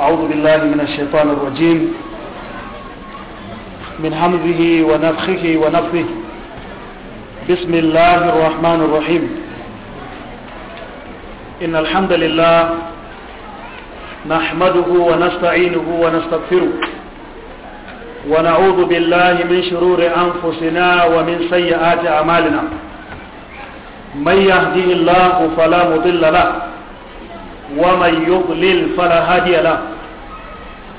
أعوذ بالله من الشيطان الرجيم من همزه ونفخه ونفثه بسم الله الرحمن الرحيم إن الحمد لله نحمده ونستعينه ونستغفره ونعوذ بالله من شرور أنفسنا ومن سيئات أعمالنا من يهدي الله فلا مضل له ومن يضلل فلا هادي له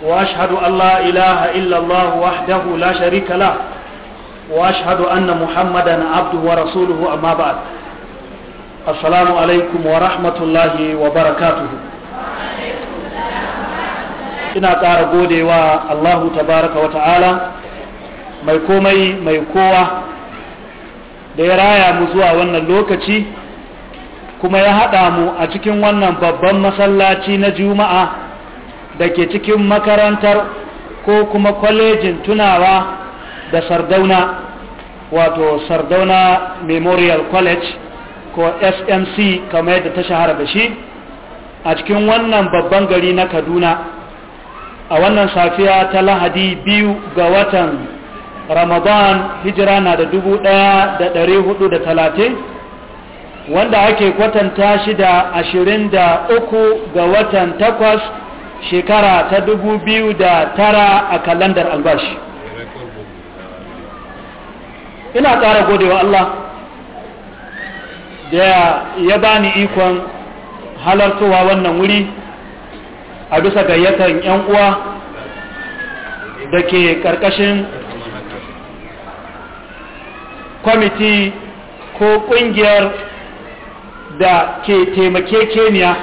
وأشهد أن لا إله إلا الله وحده لا شريك له وأشهد أن محمدا عبده ورسوله أما بعد السلام عليكم ورحمة الله وبركاته ina ƙara godewa Allahu tabaraka wa ta'ala mai komai mai kowa da ya raya mu zuwa wannan lokaci kuma ya haɗa mu a cikin wannan babban masallaci na juma'a da ke cikin makarantar ko kuma kwalejin tunawa da sardauna wato sardauna memorial college ko smc kamar yadda ta shahara da shi a cikin wannan babban gari na kaduna a wannan safiya ta lahadi biyu ga watan ramadan hijira na da dubu ɗaya da ɗari hudu da talatin wanda ake kwatanta shi da ashirin da uku ga watan takwas shekara ta dubu biyu da tara a kalandar albashi ina tsara godewa Allah da ya bani ikon halartowa wannan wuri a bisa gayyatar 'yan uwa da ke ƙarƙashin kwamiti ko ƙungiyar da ke keniya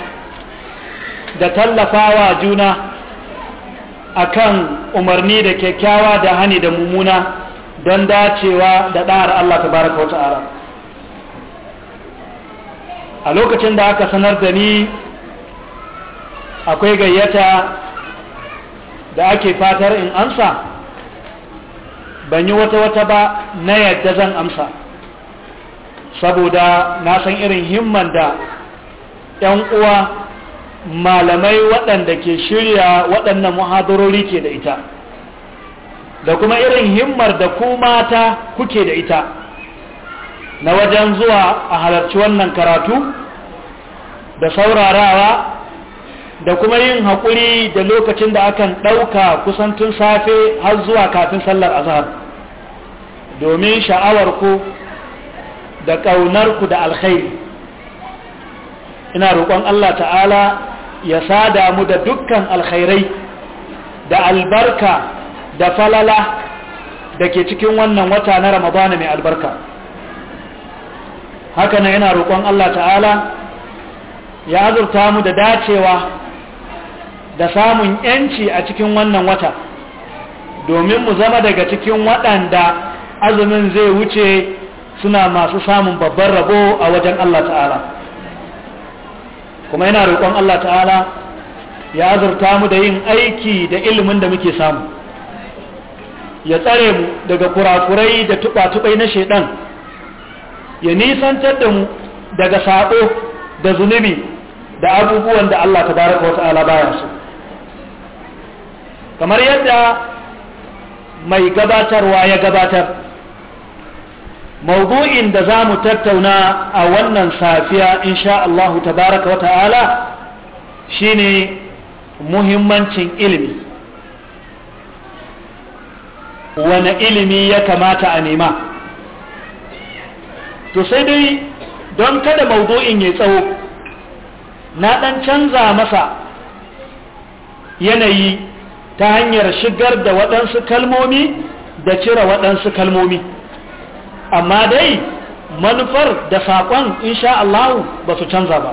da tallafawa juna akan umarni da kyakkyawa da hani da mumuna don dacewa da ɗa'ar Allah ta baraka wata ara a lokacin da aka sanar da ni akwai gayyata da ake fatar in amsa ban yi wata wata ba na yadda zan amsa saboda na san irin himman da 'yan uwa malamai waɗanda ke shirya waɗannan muhadarori ke da ita da kuma irin himmar da ku mata kuke da ita na wajen zuwa a halarci wannan karatu da saurarawa da kuma yin haƙuri da lokacin da akan ɗauka kusan tun safe har zuwa kafin sallar azhar domin sha'awar ku da ƙaunarku da alkhairi ina roƙon Allah ta'ala ya sada mu da dukkan alkhairai da albarka da falala da ke cikin wannan wata na ramadana mai albarka haka na yana roƙon Allah ta'ala ya azurta mu da dacewa da samun yanci a cikin wannan wata domin mu zama daga cikin waɗanda azumin zai wuce suna masu samun babban rabo a wajen Allah ta'ala kuma yana roƙon Allah ta'ala ya azurta mu da yin aiki da ilimin da muke samu ya tsare mu daga kurakurai da tuba-tubai na shaidan ya nisantar da mu daga sako da zunubi da abubuwan da Allah ta baraka wa ta'ala bayan kamar yadda mai gabatarwa ya gabatar Maudu'in da za mu tattauna a wannan safiya insha Allah tabaraka wata'ala shine muhimmancin ilimi wani ilimi ya kamata a nema to sai dai don kada maudu'in ya tsawo na ɗan canza masa yanayi ta hanyar shigar da waɗansu kalmomi da cire waɗansu kalmomi amma dai manufar da saƙon insha Allah ba su canza ba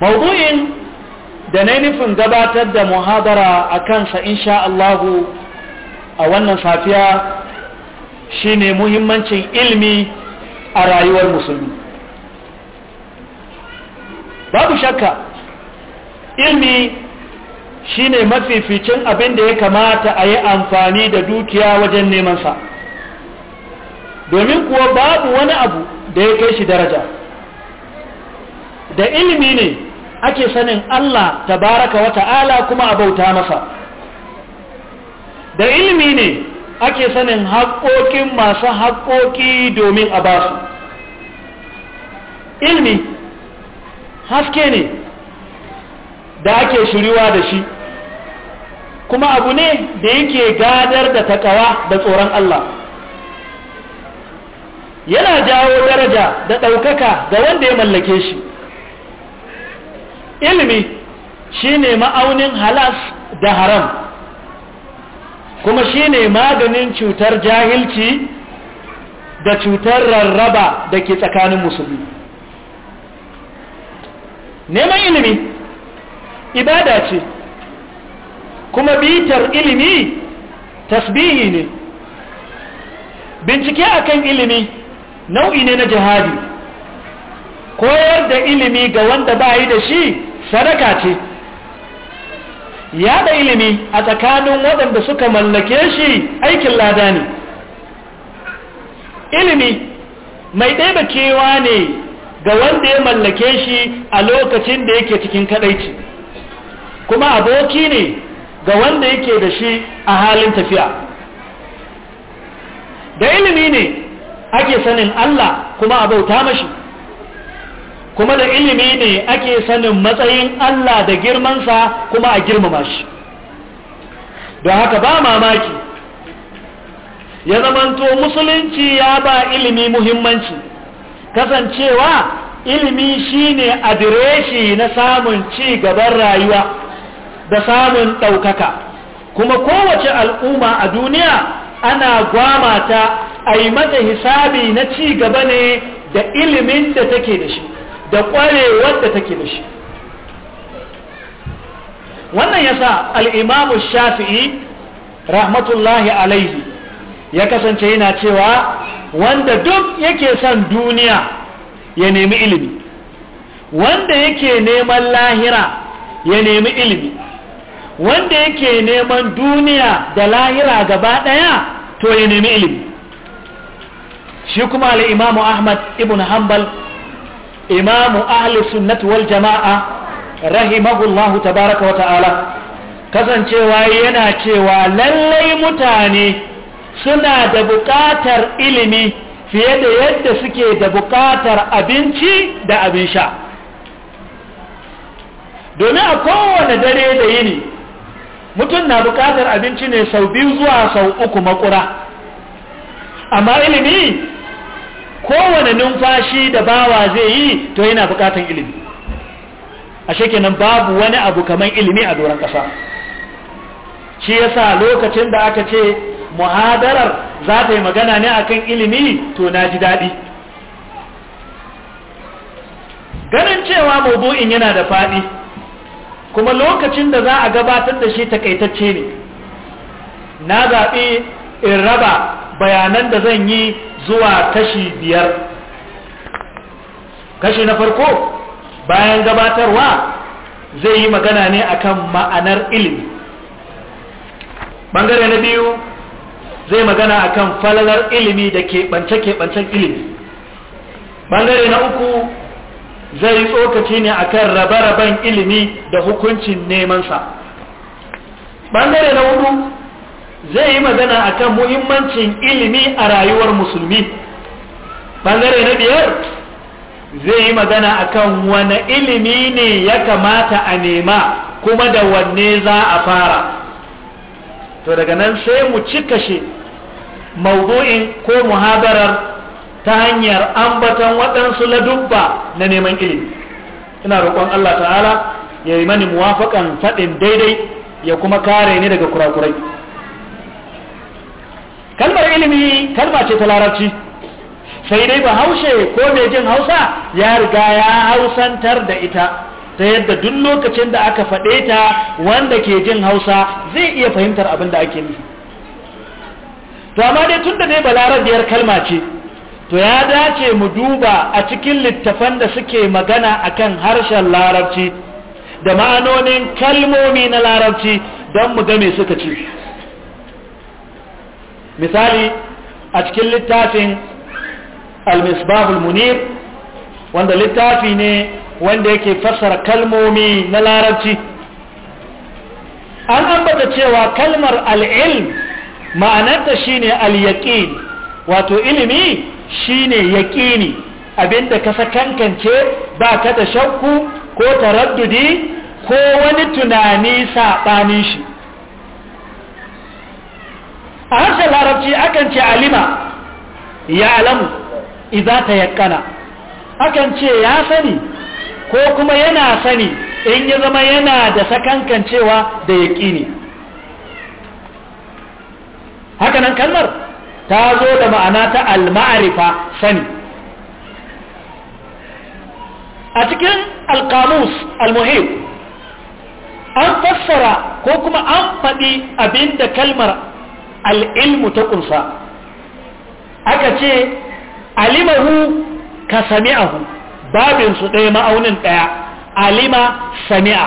mawuyin da na nufin gabatar da muhabara a kansa insha Allah a wannan safiya shine muhimmancin ilmi a rayuwar musulmi babu shakka ilmi shine mafificin abin da ya kamata a yi amfani da dukiya wajen neman sa domin kuwa babu wani abu da ya kai shi daraja da ilimi ne ake sanin Allah tabaraka wa ta'ala kuma a bauta masa da ilimi ne ake sanin haƙoƙin masu haƙoƙi domin a ba su ilimi haske ne da ake shiriwa da shi kuma abu ne da yake gadar da takawa da tsoron Allah yana jawo daraja da ɗaukaka ga wanda ya mallake shi ilimi shine ma'aunin halas da haram kuma shine maganin cutar jahilci da cutar rarraba da ke tsakanin musulmi neman ilimi ibada ce kuma bitar ilimi tasbihi ne bincike akan ilimi nau'i ne na jihadi koyar da ilimi ga wanda ba yi da shi sadaka ce yada ilimi a tsakanin waɗanda suka mallake shi aikin lada ne ilimi mai ɗaya kewa ne ga wanda ya mallake shi a lokacin da yake cikin kadaici kuma aboki ne ga wanda yake da shi a halin tafiya da ilimi ne ake sanin Allah kuma a bauta mashi kuma da ilimi ne ake sanin matsayin Allah da girmansa kuma a girmama shi don haka ba mamaki ya zamanto musulunci ya ba ilimi muhimmanci kasancewa ilimi shine adireshi na samun ci gaban rayuwa da samun ɗaukaka kuma kowace al'umma a duniya ana gwama ta a yi mata hisabi na ci gaba ne da ilimin da take da shi da ƙwarewar da take da shi wannan ya sa al'imamu shafi'i rahmatullahi alaihi ya kasance yana cewa wanda duk yake son duniya ya nemi ilimi wanda yake neman lahira ya nemi ilimi wanda yake neman duniya da lahira gaba daya to ya nemi ilimi shi kuma al'imamu ahmad ibn hanbal imamu ahli sunnat wal jama'a rahimahullahu tabaraka wa ta'ala kasancewa yana cewa lallai mutane suna da buƙatar ilimi fiye da yadda suke da buƙatar abinci da abin sha domin a kowane dare da yini mutum na bukatar abinci ne sau biyu zuwa sau uku makura amma ilimi kowane numfashi da bawa zai yi to yana bukatar ilimi a shekinan babu wani abu kamar ilimi a doron ƙasa shi yasa lokacin da aka ce muhadarar za ta yi magana ne akan ilimi to na ji daɗi ganin cewa mabu'in yana da faɗi kuma lokacin da za a gabatar da shi takaitacce ne na zaɓi in raba bayanan da zan yi zuwa kashi biyar kashi na farko bayan gabatarwa zai yi magana ne akan ma'anar ilimi bangare na biyu zai magana akan falalar ilimi da keɓance-keɓancen ilimi bangare na uku zai yi tsokaci ne akan rabe-raben ilimi da hukuncin nemansa ɓangare na hudu zai yi magana akan muhimmancin ilimi a rayuwar musulmi ɓangare na biyar zai yi magana akan wane ilimi ne ya kamata a nema kuma da wanne za a fara to daga nan sai mu cika shi mawdu'in ko muhabarar ta hanyar ambatan waɗansu ladubba na neman ilimi ina roƙon Allah ta'ala ya yi mani muwafaƙan faɗin daidai ya kuma kare ni daga kurakurai kalmar ilimi kalma ce ta larabci sai dai ba haushe ko mai jin hausa ya riga ya hausantar da ita ta yadda duk lokacin da aka faɗe ta wanda ke jin hausa zai iya fahimtar abin da ake nufi to amma dai tun da dai balarabiyar kalma ce to ya dace mu duba a cikin littafan da suke magana akan harshen larabci da ma'anonin kalmomi na larabci don mu game suka ci misali a cikin littafin al-misbahul munir wanda littafi ne wanda yake fassara kalmomi na larabci an ambata cewa kalmar al'ilm ma'anarta shine al-yaqin wato ilimi Shi shine yaqini abinda ka sakankance ba ka da shakku ko taraddudi ko wani tunani saɓanin shi a harshen larabci akan ce alima ya alamu idan ta yakana akan ce ya sani ko kuma yana sani in ya zama yana da sakankancewa da Haka nan kalmar ta zo da ma'ana ta al-ma'rifa sani a cikin al-qamus al-muhim an fassara ko kuma an faɗi abinda kalmar al-ilmu ta kunsa aka ce alimahu ka sami'ahu babin su ɗaya ma'aunin ɗaya alima sami'a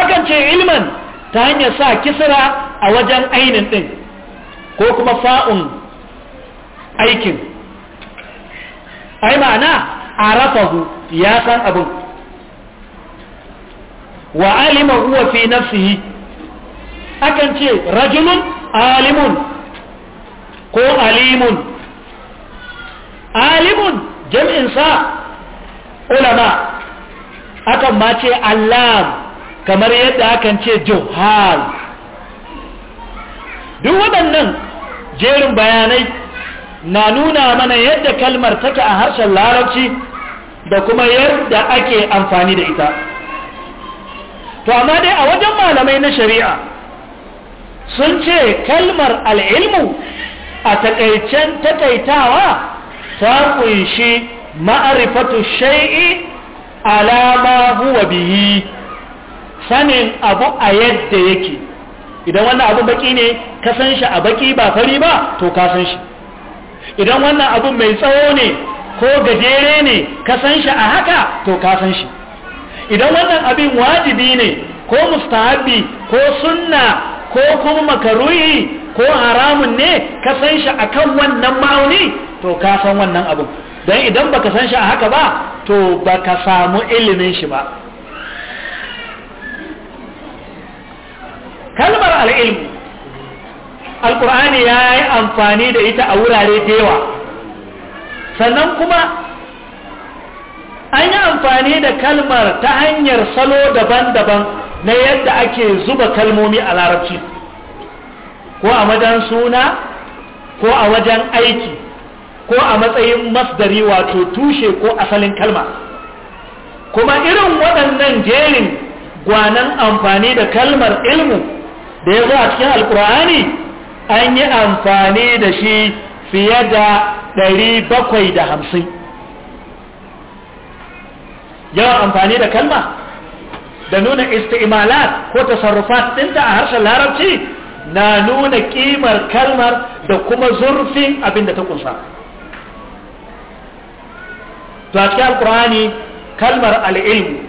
akan ce ilman ta hanyar sa kisira a wajen ainin ɗin ko kuma fa'un aikin ai ma'ana arafahu ya san abin wa alima huwa fi nafsihi akan ce rajulun alimun ko alimun alimun jam'in sa ulama akan ma ce allam kamar yadda akan ce johal duk waɗannan jerin bayanai na nuna mana yadda kalmar take a harshen larabci da kuma yadda ake amfani da ita to amma dai a wajen malamai na shari'a sun ce kalmar al'ilmu a takaicen takaitawa ta kunshi ma'arifatu shai'i alama huwa biyi. sanin abu a yadda yake idan wannan abu baki ne ka san shi a baki ba fari ba to ka san shi idan wannan abu mai tsawo ne ko gajere ne ka san shi a haka to ka san shi idan wannan abin wajibi ne ko mustahabi ko sunna ko kuma makaruhi ko haramun ne ka san shi akan wannan ma'auni to ka san wannan abu dan idan baka san shi a haka ba to baka samu ilimin shi ba kalmar al'ilmu alƙur'ani ya yi amfani da ita a wurare da yawa sannan kuma an yi amfani da kalmar ta hanyar salo daban-daban na yadda ake zuba kalmomi a larabci ko a wajen suna ko a wajen aiki ko a matsayin masdari wato tushe ko asalin kalma kuma irin waɗannan jerin gwanan amfani da kalmar ilmu da ya zo a cikin alkur'ani an yi amfani da shi fiye da 750 yawan amfani da kalma da nuna istimalat ko tasarrufat ɗinta a harshen larabci na nuna ƙimar kalmar da kuma zurfin abin da ta kunsa to a cikin alkur'ani kalmar al'ilmu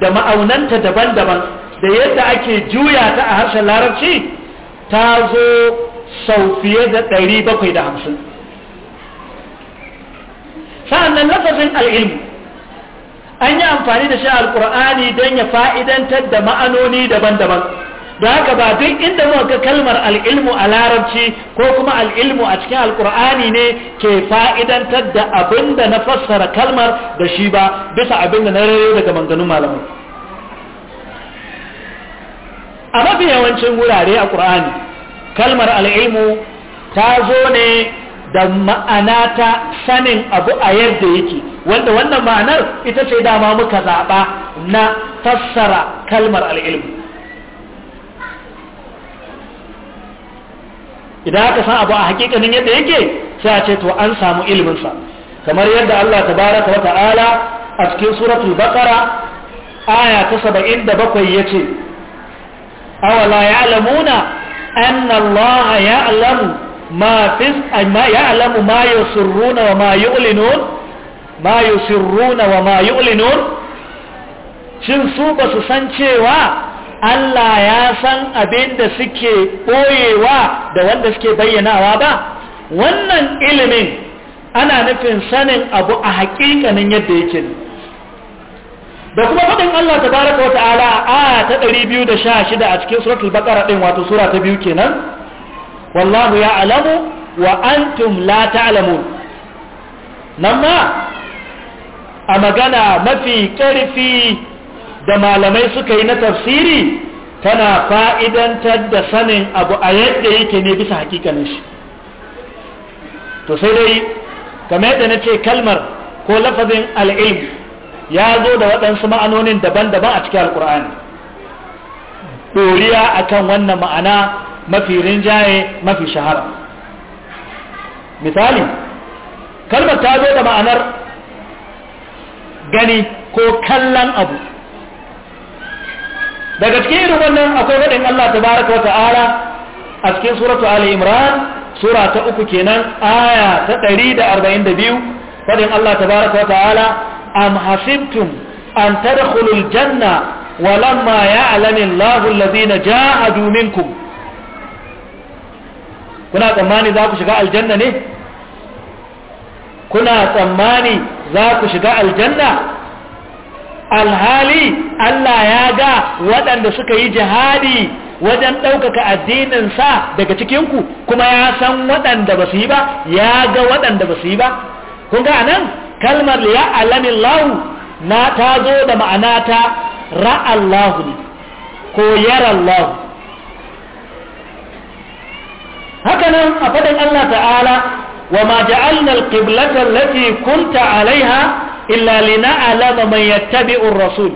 da ma'aunanta daban-daban da yadda ake juya ta a harshen larabci ta zo sau fiye da 750 sa'annan lafazin al'ilmu an yi amfani da shi al'ur'ani don ya fa'idantar da ma'anoni daban-daban da haka ba duk inda muka kalmar al'ilmu a larabci ko kuma al'ilmu a cikin alkur'ani ne ke fa'idantar da abin da na fassara kalmar da shi ba bisa abin da na rayo daga manganun malamai a mafi yawancin wurare a ƙur'ani kalmar al'ilmu ta zo ne da ma'ana ta sanin abu a yadda yake wanda wannan ma'anar ita ce dama muka zaɓa na fassara kalmar al'ilmu idan aka san abu a hakikanin yadda yake sai a ce to an samu ilminsa kamar yadda Allah Ta tabaraka wata'ala a cikin suratul baqara aya ta 77 yace awala ya'lamuna anna Allah ya'lamu ma fis ma ya'lamu ma yusirruna wa ma yu'linun ma yusirruna wa ma yu'linun shin su ba su san cewa Allah ya san abin da suke boyewa da wanda suke bayyanawa ba wannan ilimin ana nufin sanin abu a hakikanin yadda yake ne da kuma faɗin Allah tabaraka wa ta'ala a ta 216 a cikin suratul baqara din wato sura ta biyu kenan wallahu alamu wa antum la ta'lamun nan ma a magana mafi ƙarfi da malamai suka yi na tafsiri tana fa'idantar da sanin abu a yadda yake ne bisa hakikanin shi to sai dai game da na ce kalmar ko lafazin al'im. ya zo da waɗansu ma'anonin daban-daban a cikin Alƙur'ani. ɗoriya a kan wannan ma'ana mafi rinjaye mafi shahara misali kalmar ta zo da ma'anar gani ko kallon abu daga cikin irin wannan akwai waɗin Allah ta baraka wata ara a cikin suratu Ali Imran sura ta uku kenan aya ta 142 faɗin Allah ta baraka wata ala am hasibtum an tadkhulul janna walamma ya'lamu Allahu alladhina jahadu minkum kuna tsammani zaku shiga aljanna ne kuna tsammani za shiga aljanna alhali Allah ya ga waɗanda suka yi jihadi wajen ɗaukaka addininsa daga cikinku kuma ya san waɗanda ba su yi ba ya ga waɗanda ba su yi ba kun ga anan kalmar ya alamin lahu na ta zo da ma'ana ta ra'allahu ne ko yaran lahu. Hakanan, a faɗin Allah ta'ala wa ma ja'alna al-qiblata allati kunta 'alayha illa lina'lama man yattabi'u ar-rasul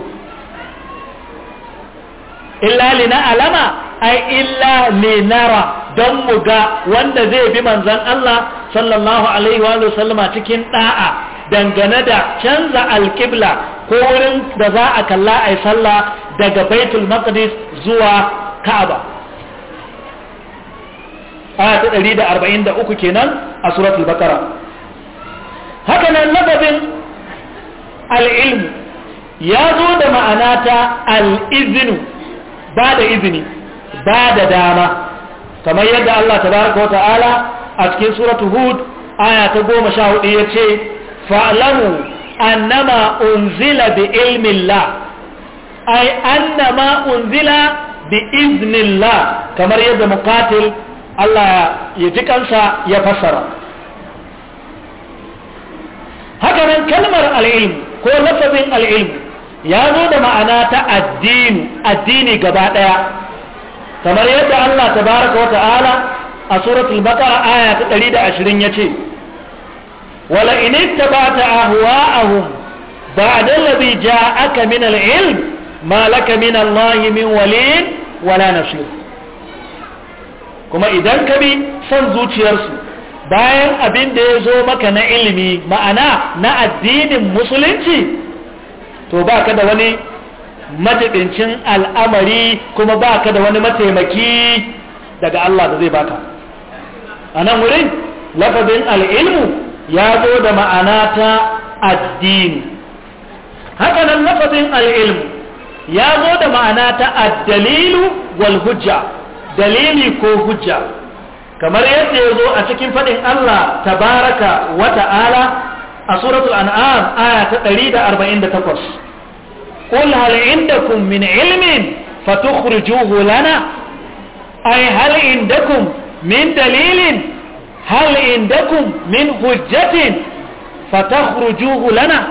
illa lina'lama ay illa linara don mu ga wanda zai bi manzan Allah sallallahu alaihi wa sallama cikin da'a dangane da canza alƙibla ko wurin da za a kalla a yi sallah daga baitul maqdis zuwa ka'aba aya ta 143 kenan a suratul baqara haka nan lafazin al ya zo da ma'ana ta al ba da izini ba da dama kamar yadda Allah tabaraka wa ta'ala a cikin suratu hud aya ta goma sha hudu ya ce fa'alamu annama unzila bi ilmillah ai annama unzila bi iznillah kamar yadda muqatil Allah ya ji kansa ya fassara haka nan kalmar al'ilm ko lafazin al'im ya zo da ma'ana ta addini addini gaba ɗaya kamar yadda Allah Ta baraka wa ta'ala a suratul baqara aya ta 120 yace wala in ittaba'ta ahwa'ahum ba'da alladhi ja'aka min al-ilm ma laka min Allah min waliy wala nasir kuma idan ka bi son zuciyarsu bayan abin da ya zo maka na ilimi ma'ana na addinin musulunci to ba ka da wani majibincin al'amari kuma ba ka da wani mataimaki daga Allah da zai baka a nan wurin lafazin al'ilmu ya zo da ma'ana ta addini haka nan lafazin al'ilmu ya zo da ma'ana ta addalilu wal hujja dalili ko hujja kamar yadda ya zo a cikin faɗin Allah baraka wa ta'ala a suratul an'am aya ta 148 قل هل عندكم من علم فتخرجوه لنا أي هل عندكم من دليل هل عندكم من حجة فتخرجوه لنا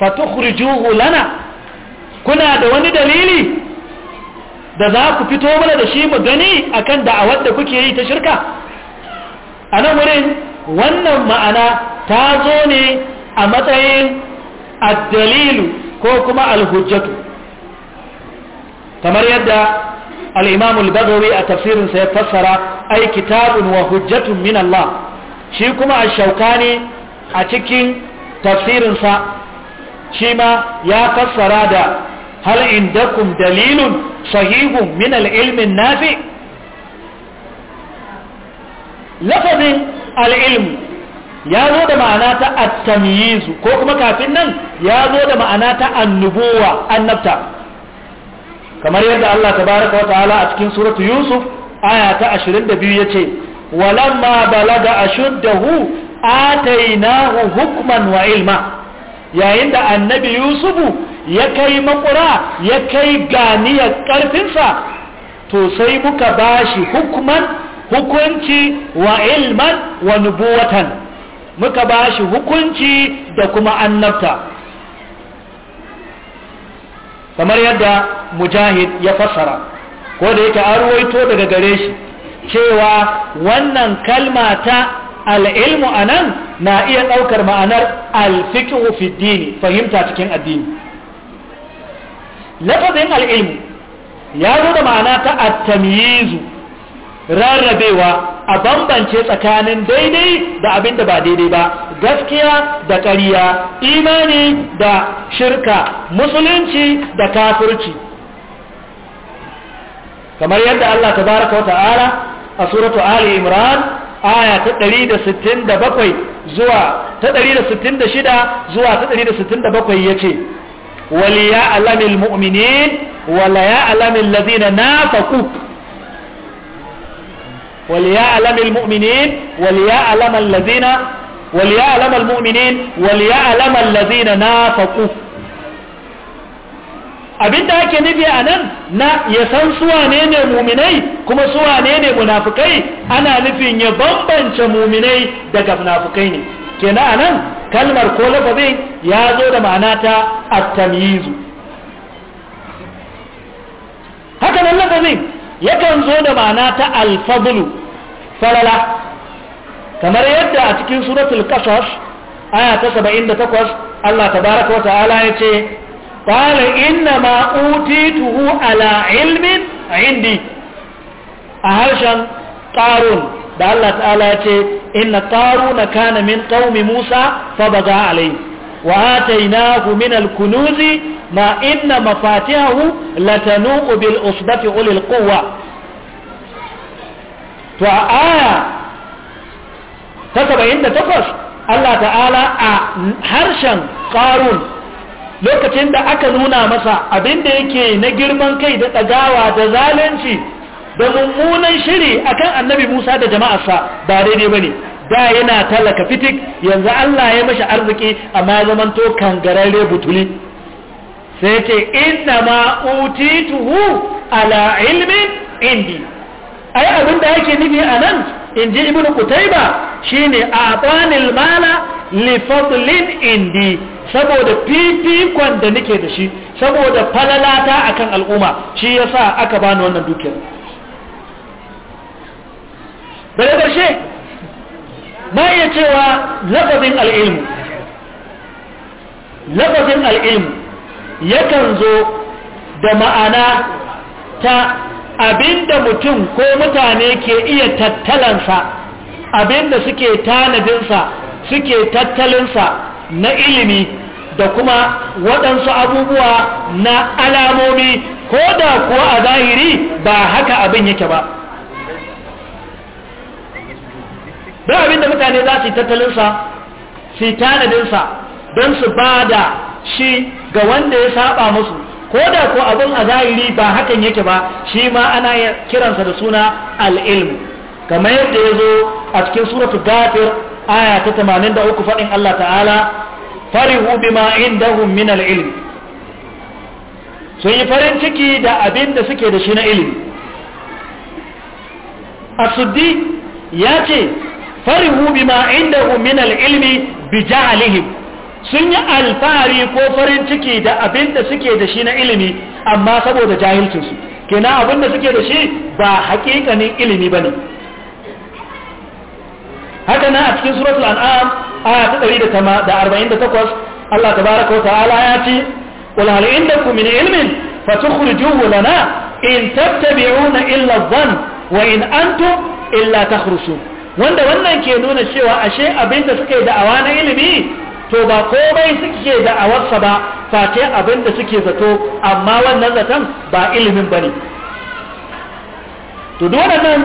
فتخرجوه لنا kuna da wani dalili da za ku fito mana da shi mu gani akan da'awar da kuke yi ta shirka a nan wurin wannan ma'ana ta zo ne a matsayin addalilu ko kuma alhujjatu kamar yadda al-imam al a tafsirinsa ya fassara ai kitabun wa hujjatun min Allah shi kuma ash ne a cikin tafsirinsa shi ma ya fassara da hal indakum dalilun sahihun min al'ilmin ilmin nafi lafazin al ya zo da ma'ana ta at ko kuma kafin nan ya zo da ma'ana ta annubuwa annabta kamar yadda Allah tabaraka wa ta'ala a cikin suratu Yusuf aya ta 22 yace walamma balaga ashuddahu atainahu hukman wa ilma yayin da annabi Yusufu ya kai makura ya kai ganiyar karfinsa to sai muka bashi hukman hukunci wa ilman wa nubuwatan muka ba shi hukunci da kuma annabta kamar yadda mujahid ya fassara ko da yake an ruwaito daga gare shi cewa wannan kalma ta al'ilmu a nan na iya ɗaukar ma'anar alfiƙihu dini fahimta cikin addini lafazin al'ilmu ya zo da ma'ana ta attamyizu. rarrabewa a bambance tsakanin daidai da abin da ba daidai ba gaskiya da ƙarya imani da shirka musulunci da kafirci kamar yadda Allah baraka wa ta'ala a suratu Ali Imran aya ta 167 zuwa ta 166 zuwa ta 167 yace waliya alamil mu'minin wala ya alamil ladina nafaqu وليعلم المؤمنين وليعلم الذين وليعلم المؤمنين وليعلم الذين نافقوا abinda ake nufi a nan na ya san suwa ne muminai kuma suwa ne munafukai ana nufin ya bambance muminai daga munafukai ne Kena a nan kalmar ko lafazin ya zo da ma'ana ta at haka nan lafazin yakan zo da ma'ana ta alfadlu falala kamar yadda a cikin suratul qasas aya ta 78 Allah tabaraka wa ta'ala yace qala inna ma utituhu ala ilmin indi a harshen qarun da Allah ta'ala yace inna qaruna kana min qaumi Musa fa baga alayhi wa atainahu min al-kunuzi ma inna mafatihahu latanuqu bil usbati ulil quwwa to a aya ta 78 Allah ta'ala a harshen qarun lokacin da aka nuna masa abinda yake na girman kai da tsagawa da zalunci da mummunan shiri akan annabi Musa da jama'arsa ba daidai bane da yana talaka fitik yanzu Allah ya mashi arziki amma zamanto kangararre butuli sai ce inna ma utituhu ala ilmin indi ai abin da yake nufi a nan in ji ibn kutaiba shine a abanil mala li fadlin indi saboda fifikon da nake da shi saboda falalata akan al'umma shi yasa aka bani wannan dukiyar daga ƙarshe ba iya cewa lafazin al'ilmu lafazin al’ilm yakan zo da ma'ana ta abinda mutum ko mutane ke iya tattalansa abinda suke tanadinsa suke tattalinsa na ilimi da kuma waɗansu abubuwa na alamomi ko da kuwa a zahiri ba haka abin yake ba ba abinda mutane za su yi tattalinsa su yi tanadinsa don su ba da shi ga wanda ya saba musu ko da ko abin a zahiri ba hakan yake ba shi ma ana kiransa da suna al'ilmu kamar yadda ya zo a cikin suratu gafir aya ta tamanin 83 faɗin Allah ta'ala farihu bima indahum min al'ilm sun yi farin ciki da abin da suke da shi na ilimi a suddi ya ce farihu bima indahu min al-ilmi bi ja'alihim sun yi alfahari ko farin ciki da abin da suke da shi na ilimi amma saboda jahilcinsu kenan abin da suke da shi ba hakikanin ilimi ba ne haka na a cikin suratul an'am aya ta 148 Allah tabaraka wa ta'ala ya ce qul hal indakum min ilmin fatukhrijuhu lana in tattabi'una illa dhann wa in antum illa takhrusun wanda wannan ke nuna cewa ashe abin da awa da'awa na ilimi to ba komai suke da'awarsa ba face abin da suke zato amma wannan zaton ba ilimin ba ne to nan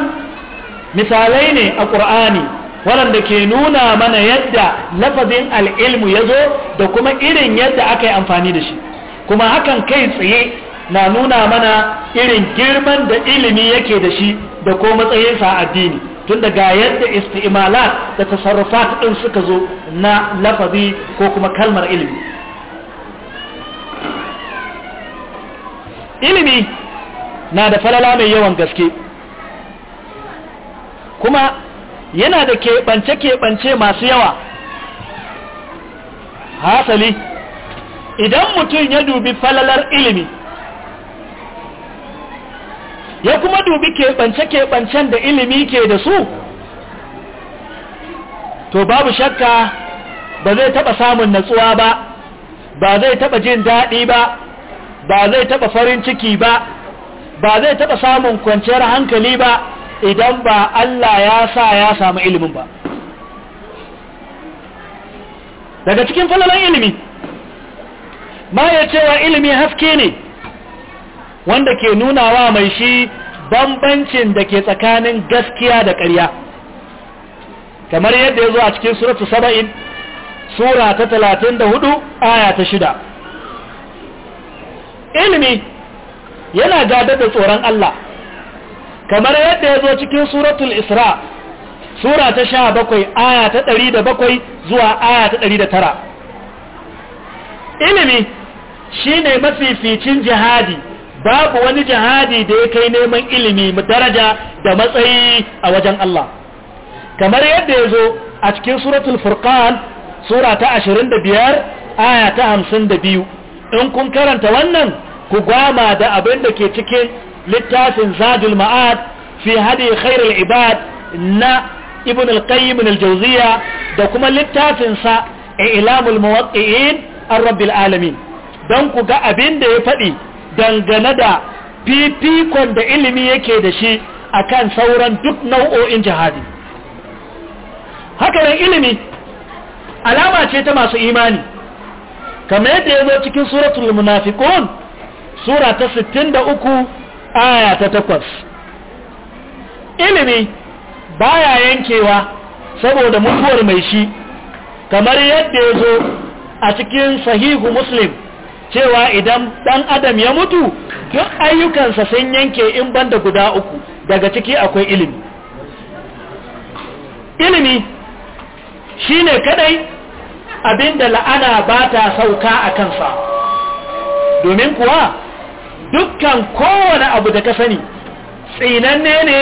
misalai ne a ƙur'ani waɗanda ke nuna mana yadda lafazin al'ilmu ya zo da kuma irin yadda aka yi amfani da shi kuma hakan kai tsaye na nuna mana irin girman da ilimi yake da shi da ko matsayinsa addini tun da ga yadda isti'malat da tasarrufat ɗin suka zo na lafazi ko kuma kalmar ilimi ilimi na da falala mai yawan gaske kuma yana da keɓance-keɓance masu yawa hasali idan mutum ya dubi falalar ilimi ya kuma dubi keɓance-keɓancen da ilimi ke da su to babu shakka ba zai taɓa samun natsuwa ba ba zai taɓa jin daɗi ba ba zai taɓa farin ciki ba ba zai taɓa samun kwanciyar hankali ba idan ba Allah ya sa ya samu ilimin ba daga cikin falalan ilimi ma ya cewa ilimi haske ne wanda ke nuna wa mai shi bambancin da ke tsakanin gaskiya da ƙarya kamar yadda ya zo a cikin suratu saba'in sura ta talatin da hudu aya ta shida ilimi yana gada da tsoron Allah kamar yadda ya zo cikin suratul isra sura ta sha bakwai aya ta ɗari da bakwai zuwa aya ta ɗari da tara ilimi shi ne mafificin jihadi babu wani jihadi da ya kai neman ilimi daraja da matsayi a wajen Allah kamar yadda ya zo a cikin suratul furqan sura ta 25 aya ta 52 in kun karanta wannan ku gwama da abin da ke cikin littafin zadul ma'ad fi hadi khairul ibad na ibn al-qayyim al-jawziya da kuma littafin sa ilamul muwaqqi'in ar-rabbil alamin dan ku ga abin da ya faɗi dangane da fifikon da ilimi yake da shi a kan sauran duk nau'o'in jihadi haka nan ilimi alama ce ta masu imani kamar yadda ya zo cikin suratul munafiqun sura ta 63 aya ta takwas, ilimi baya yankewa saboda mutuwar mai shi kamar yadda ya zo a cikin sahihu muslim cewa idan dan adam ya mutu duk ayyukansa sun yanke in banda guda uku daga ciki akwai ilimi ilimi shine kadai abinda la'ana ba ta sauka a kansa domin kuwa dukkan kowane abu da ka sani tsinanne ne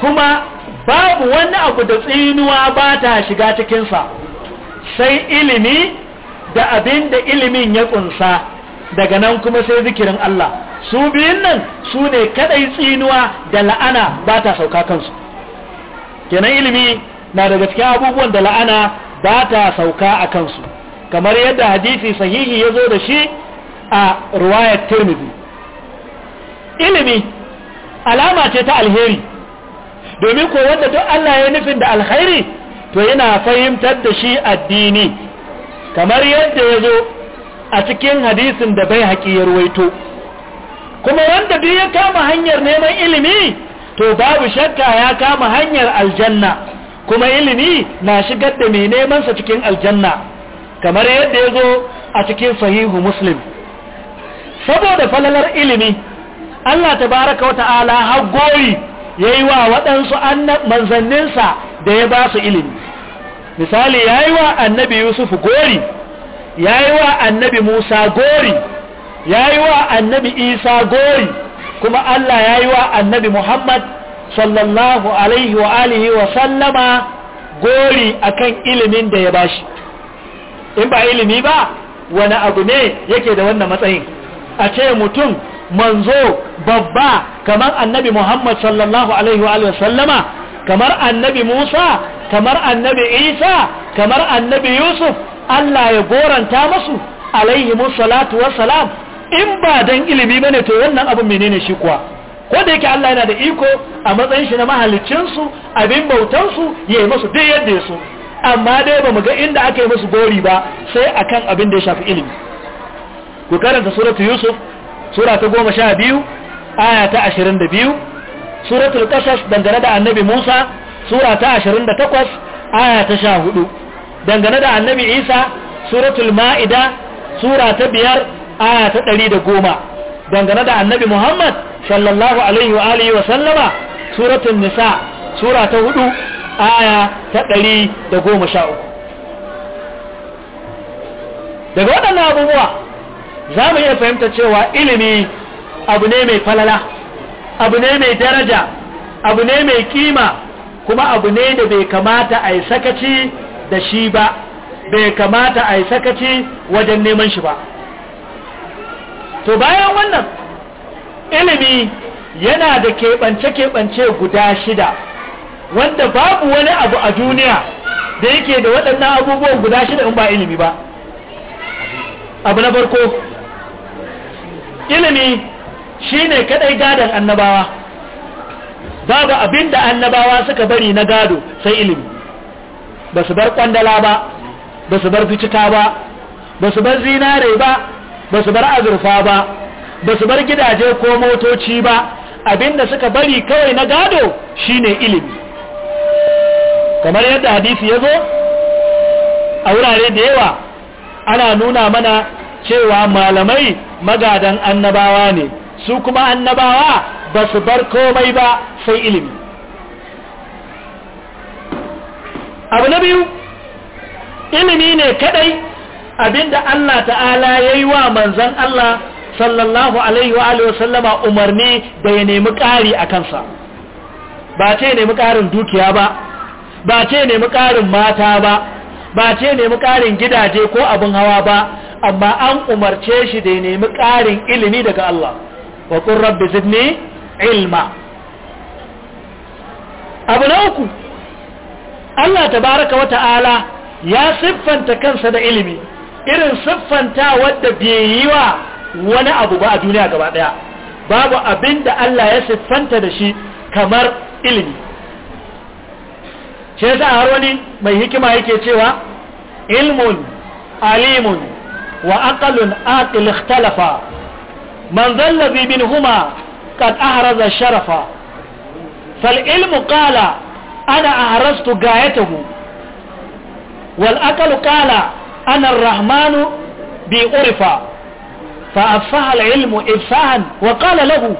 kuma babu wani abu da tsinuwa ba ta shiga cikinsa sai ilimi da abin da ilimin ya kunsa daga nan kuma sai zikirin Allah su biyun nan su ne kadai tsinuwa da la'ana ba ta sauka kansu kenan ilimi na daga cikin abubuwan da la'ana ba ta sauka a kansu kamar yadda hadisi sahihi ya zo da shi a ruwayar tirmidhi ilimi alama ce ta alheri domin ko wanda duk Allah ya nufin da alheri to yana fahimtar da shi addini kamar yadda ya zo a cikin hadisin da bai haƙi ya ruwaito kuma wanda duk ya kama hanyar neman ilimi to babu shakka ya kama hanyar aljanna kuma ilimi na shigar da mai nemansa cikin aljanna kamar yadda ya zo a cikin sahihu muslim saboda falalar ilimi Allah ta baraka wata ala har ya yi wa waɗansu manzanninsa da ya ba su ilimi misali yi wa annabi yusuf gori yi wa annabi musa gori yi wa annabi isa gori kuma Allah yi wa annabi muhammad sallallahu alaihi wa alihi wa sallama gori akan ilimin da ya bashi in ba ilimi ba wani abu ne yake da wannan matsayin a ce mutum manzo babba kamar annabi muhammad sallallahu alaihi wa sallama kamar annabi musa kamar annabi isa kamar annabi yusuf allah ya goranta masu alaihimu salatu wassalam in ba dan ilimi ba ne to wannan abin menene shi kuwa ko da yake Allah yana da iko a matsayin shi na mahaliccinsu abin bautansu ya yi masu duk yadda ya so amma dai ba mu ga inda aka yi musu gori ba sai akan abin da ya shafi ilimi ku karanta suratu yusuf sura ta goma sha biyu aya ta ashirin da biyu suratul kasas dangane da annabi musa sura ta 28 aya ta 14 dangane da annabi isa suratul ma'ida sura ta 5 aya ta 110 dangane da annabi muhammad sallallahu alaihi wa alihi wa sallama suratul nisa sura ta 4 aya ta 113 daga waɗannan abubuwa za mu iya fahimta cewa ilimi abu ne mai falala abu ne mai daraja abu ne mai kima kuma abu ne da bai kamata a yi sakaci da shi ba bai kamata a yi sakaci wajen neman shi ba to bayan wannan ilimi yana da keɓance-keɓance guda shida wanda babu wani abu a duniya da yake da waɗannan abubuwan guda shida in ba ilimi ba abu na farko ilimi shine kaɗai gadon annabawa babu abin da annabawa suka bari na gado sai ilimi ba su bar kwandala ba ba su bar ficika ba ba su bar zinare ba ba su bar azurfa ba ba su bar gidaje ko motoci ba abin da suka bari kawai na gado shine ilimi kamar yadda hadisi ya zo a wurare da yawa ana nuna mana cewa malamai magadan annabawa ne su kuma annabawa ba su bar komai ba sai ilimi abu na biyu ilimi ne kadai abinda Allah ta'ala ya yi wa manzan Allah sallallahu alaihi wa sallama umarni da ya nemi ƙari a kansa ba ce nemi ƙarin dukiya ba ba ce nemi ƙarin mata ba ba ce nemi ƙarin gidaje ko abin hawa ba amma an umarce shi da ya nemi ƙarin ilimi daga Allah wa qur rabbi ilma abu na uku Allah Ta baraka wa ta'ala ya siffanta kansa da ilimi irin siffanta wadda bai yi wa wani abu ba a duniya gaba ɗaya. babu abin da Allah ya siffanta da shi kamar ilimi ce za a wani mai hikima yake cewa ilmun alimun wa aqalun aqil من ذا الذي منهما قد أهرز الشرف فالعلم قال أنا أهرزت غايته والأكل قال أنا الرحمن بأرفع فأفاه العلم إفاها وقال له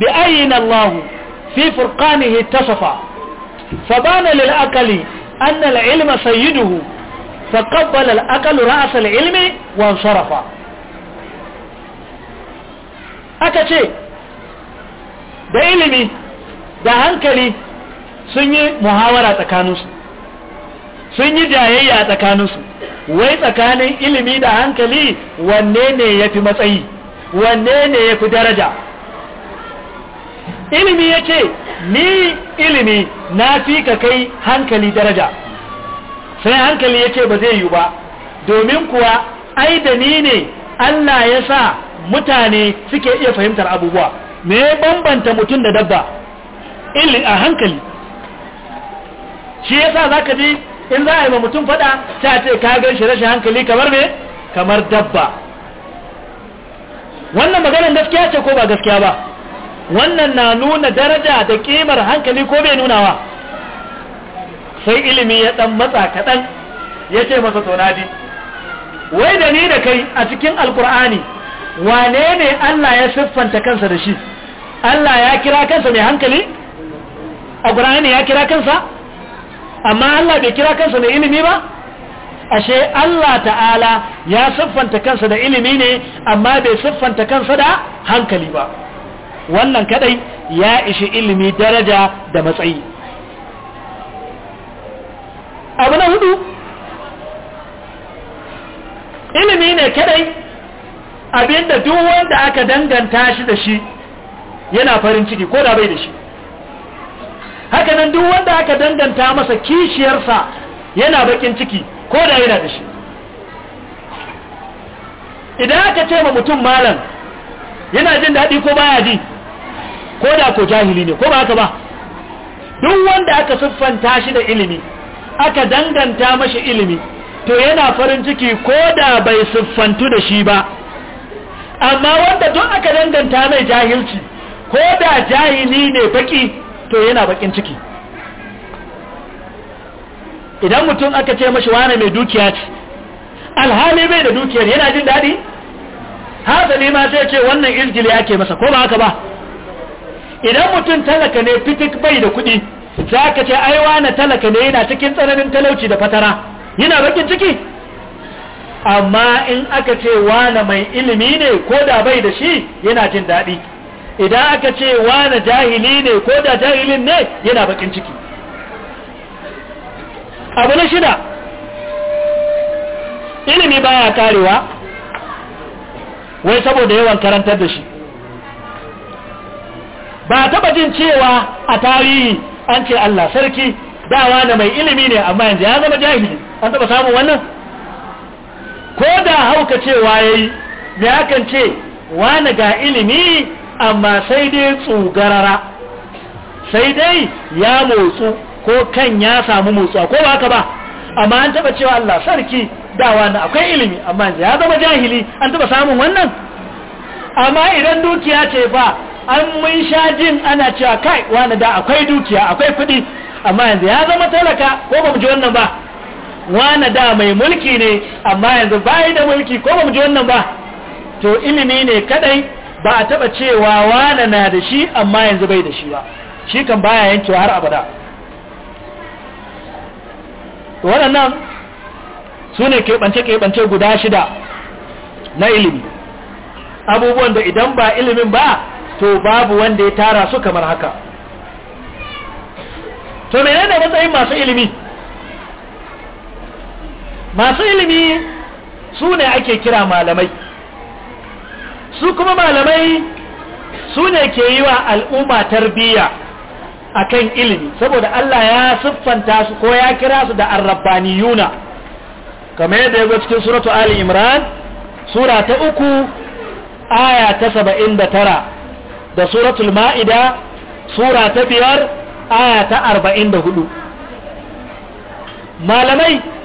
بأين الله في فرقانه اتصف فبان للأكل أن العلم سيده فقبل الأكل رأس العلم وانصرف aka ce da ilimi da hankali sun yi muhawara tsakaninsu sun yi jayayya tsakaninsu wai tsakanin ilimi da hankali wanne ne ya fi matsayi wanne ne ya fi daraja ilimi ya ce ni ilimi na fi ka kai hankali daraja sai hankali ya ce ba zai yi ba domin kuwa ai da ni ne Allah ya sa mutane suke iya fahimtar abubuwa me ya bambanta mutum da dabba ilin a hankali shi yasa za ka ji in za a yi ma mutum fada ta ce ka gan shi rashin hankali kamar me kamar dabba wannan maganar gaskiya ce ko ba gaskiya ba wannan na nuna daraja da kimar hankali ko bai nunawa sai ilimi ya dan matsa kaɗan ya ce masa tonadi wai da ni da kai a cikin alkur'ani wane ne Allah ya siffanta kansa da shi Allah ya kira kansa mai hankali a Qur'ani ya kira kansa amma Allah bai kira kansa mai ilimi ba ashe Allah ta'ala ya siffanta kansa da ilimi ne amma bai siffanta kansa da hankali ba wannan kadai ya ishi ilimi daraja da matsayi abu na hudu ilimi ne kadai abinda duk wanda aka danganta shi da shi yana farin ciki ko da bai da shi haka nan duk wanda aka danganta masa kishiyarsa yana bakin ciki ko da yana da shi idan aka ce ma mutum malam yana jin daɗi ko baya ji ko da ko jahili ne ko ba haka ba duk wanda aka siffanta shi da ilimi aka danganta mashi ilimi to yana farin ciki ko da bai siffantu da shi ba amma wanda duk aka danganta mai jahilci ko da jahili ne baki to yana bakin ciki idan mutum aka ce mashi wane mai dukiya ce alhali bai da dukiyar yana jin daɗi hasali ma sai ce wannan izgili ake masa ko ba haka ba idan mutum talaka ne fitik bai da kuɗi za ka ce aiwa na talaka ne yana cikin tsananin talauci da fatara yana bakin ciki amma in aka ce wane mai ilimi ne ko da bai da shi yana jin daɗi idan aka ce wane jahili ne ko da jahilin ne yana bakin ciki abu na shida ilimi baya karewa wai saboda yawan karantar da shi ba taba jin cewa a tarihi an ce Allah sarki dawa na mai ilimi ne amma yanzu ya zama jahili an taba samun wannan ko da hauka ce ya yi me hakan ce wani ga ilimi amma sai dai tsugarara sai dai ya motsu ko kan ya samu motsu, ko ba ka ba amma an taba cewa Allah sarki wa na akwai ilimi amma ya zama jahili an taba samun wannan amma idan dukiya ce ba an mun sha jin ana cewa kai wani da akwai dukiya akwai kuɗi amma yanzu ya zama talaka ko ba mu ji wannan ba wane da mai mulki ne amma yanzu bayi da mulki ko ba mu ji wannan ba to ilimi ne kadai ba a taba cewa wane na da shi amma yanzu bai da shi ba shi kan baya yankewa har abada waɗannan su ne keɓance-keɓance guda shida na ilimi abubuwan da idan ba ilimin ba to babu wanda ya tara su kamar haka to menene matsayin masu ilimi masu ilimi su ne ake kira malamai su kuma malamai su ne ke yi wa al'umma tarbiyya akan ilimi saboda Allah ya siffanta su ko ya kira su da arrabbaniyuna kamar yadda ya cikin suratu Ali Imran sura ta uku aya ta saba'in da tara da suratul ma'ida sura ta biyar aya ta arba'in da hudu malamai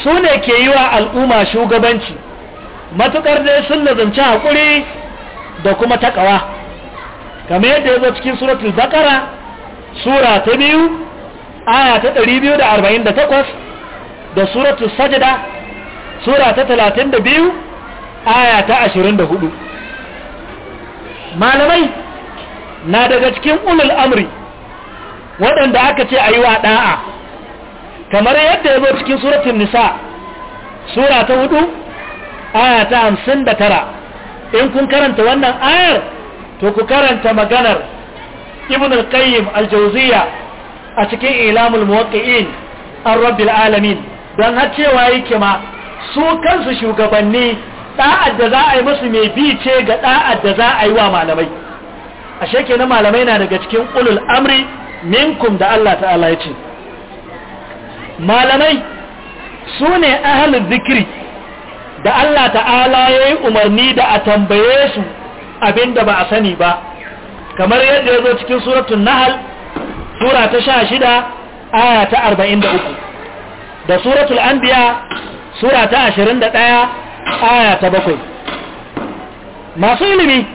su ne ke yi wa al'umma shugabanci matukar dai sun nazanci haƙuri da kuma taƙawa kamar yadda ya zo cikin suratul bakara sura ta biyu aya ta 248 da suratul sajada sura ta 32 aya ta 24 malamai na daga cikin ulul amri waɗanda aka ce a yi wa ɗa'a kamar yadda ya zo cikin suratun nisa sura ta hudu aya ta hamsin da tara in kun karanta wannan ayar to ku karanta maganar ibn al-qayyim al-jawziya a cikin ilamul muwaqqi'in ar-rabbil alamin don har cewa yake ma su kansu shugabanni da'ad da za a yi musu mai bi ce ga da'ad da za a yi wa malamai ashe kenan malamai na daga cikin ulul amri minkum da Allah ta'ala ya ce malamai su ne ahalin zikiri da Allah ta'ala ya yi umarni da a tambaye su abinda ba a sani ba kamar yadda ya zo cikin suratun nahal sura ta sha shida aya ta arba'in da uku da suratul anbiya sura ta ashirin da ɗaya aya ta bakwai masu ilimi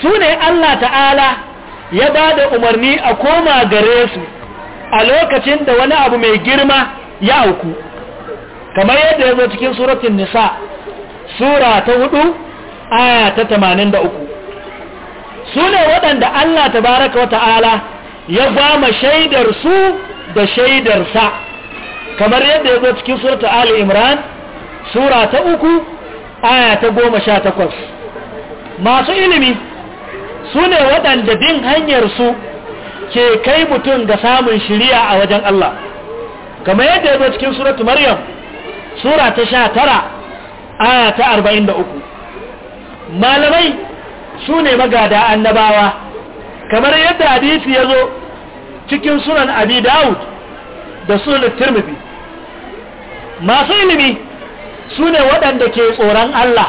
su ne Allah ta'ala ya ba da umarni a koma gare su a lokacin da wani abu mai girma ya auku kamar yadda ya zo cikin suratun nisa sura ta hudu aya ta tamanin da uku su ne waɗanda allah ta wa ta'ala ya gwama shaidarsu da shaidarsa. kamar yadda ya zo cikin suratun ali imran sura ta uku aya ta goma sha takwas masu ilimi su ne waɗanda bin hanyarsu. ke kai mutum ga samun shiriya a wajen Allah kamar yadda ya zo cikin suratu maryam sura ta sha tara aya ta arba'in da uku malamai su ne magada annabawa kamar yadda hadisi ya zo cikin sunan abi Da'ud da sunan tirmidhi masu ilimi su ne waɗanda ke tsoron Allah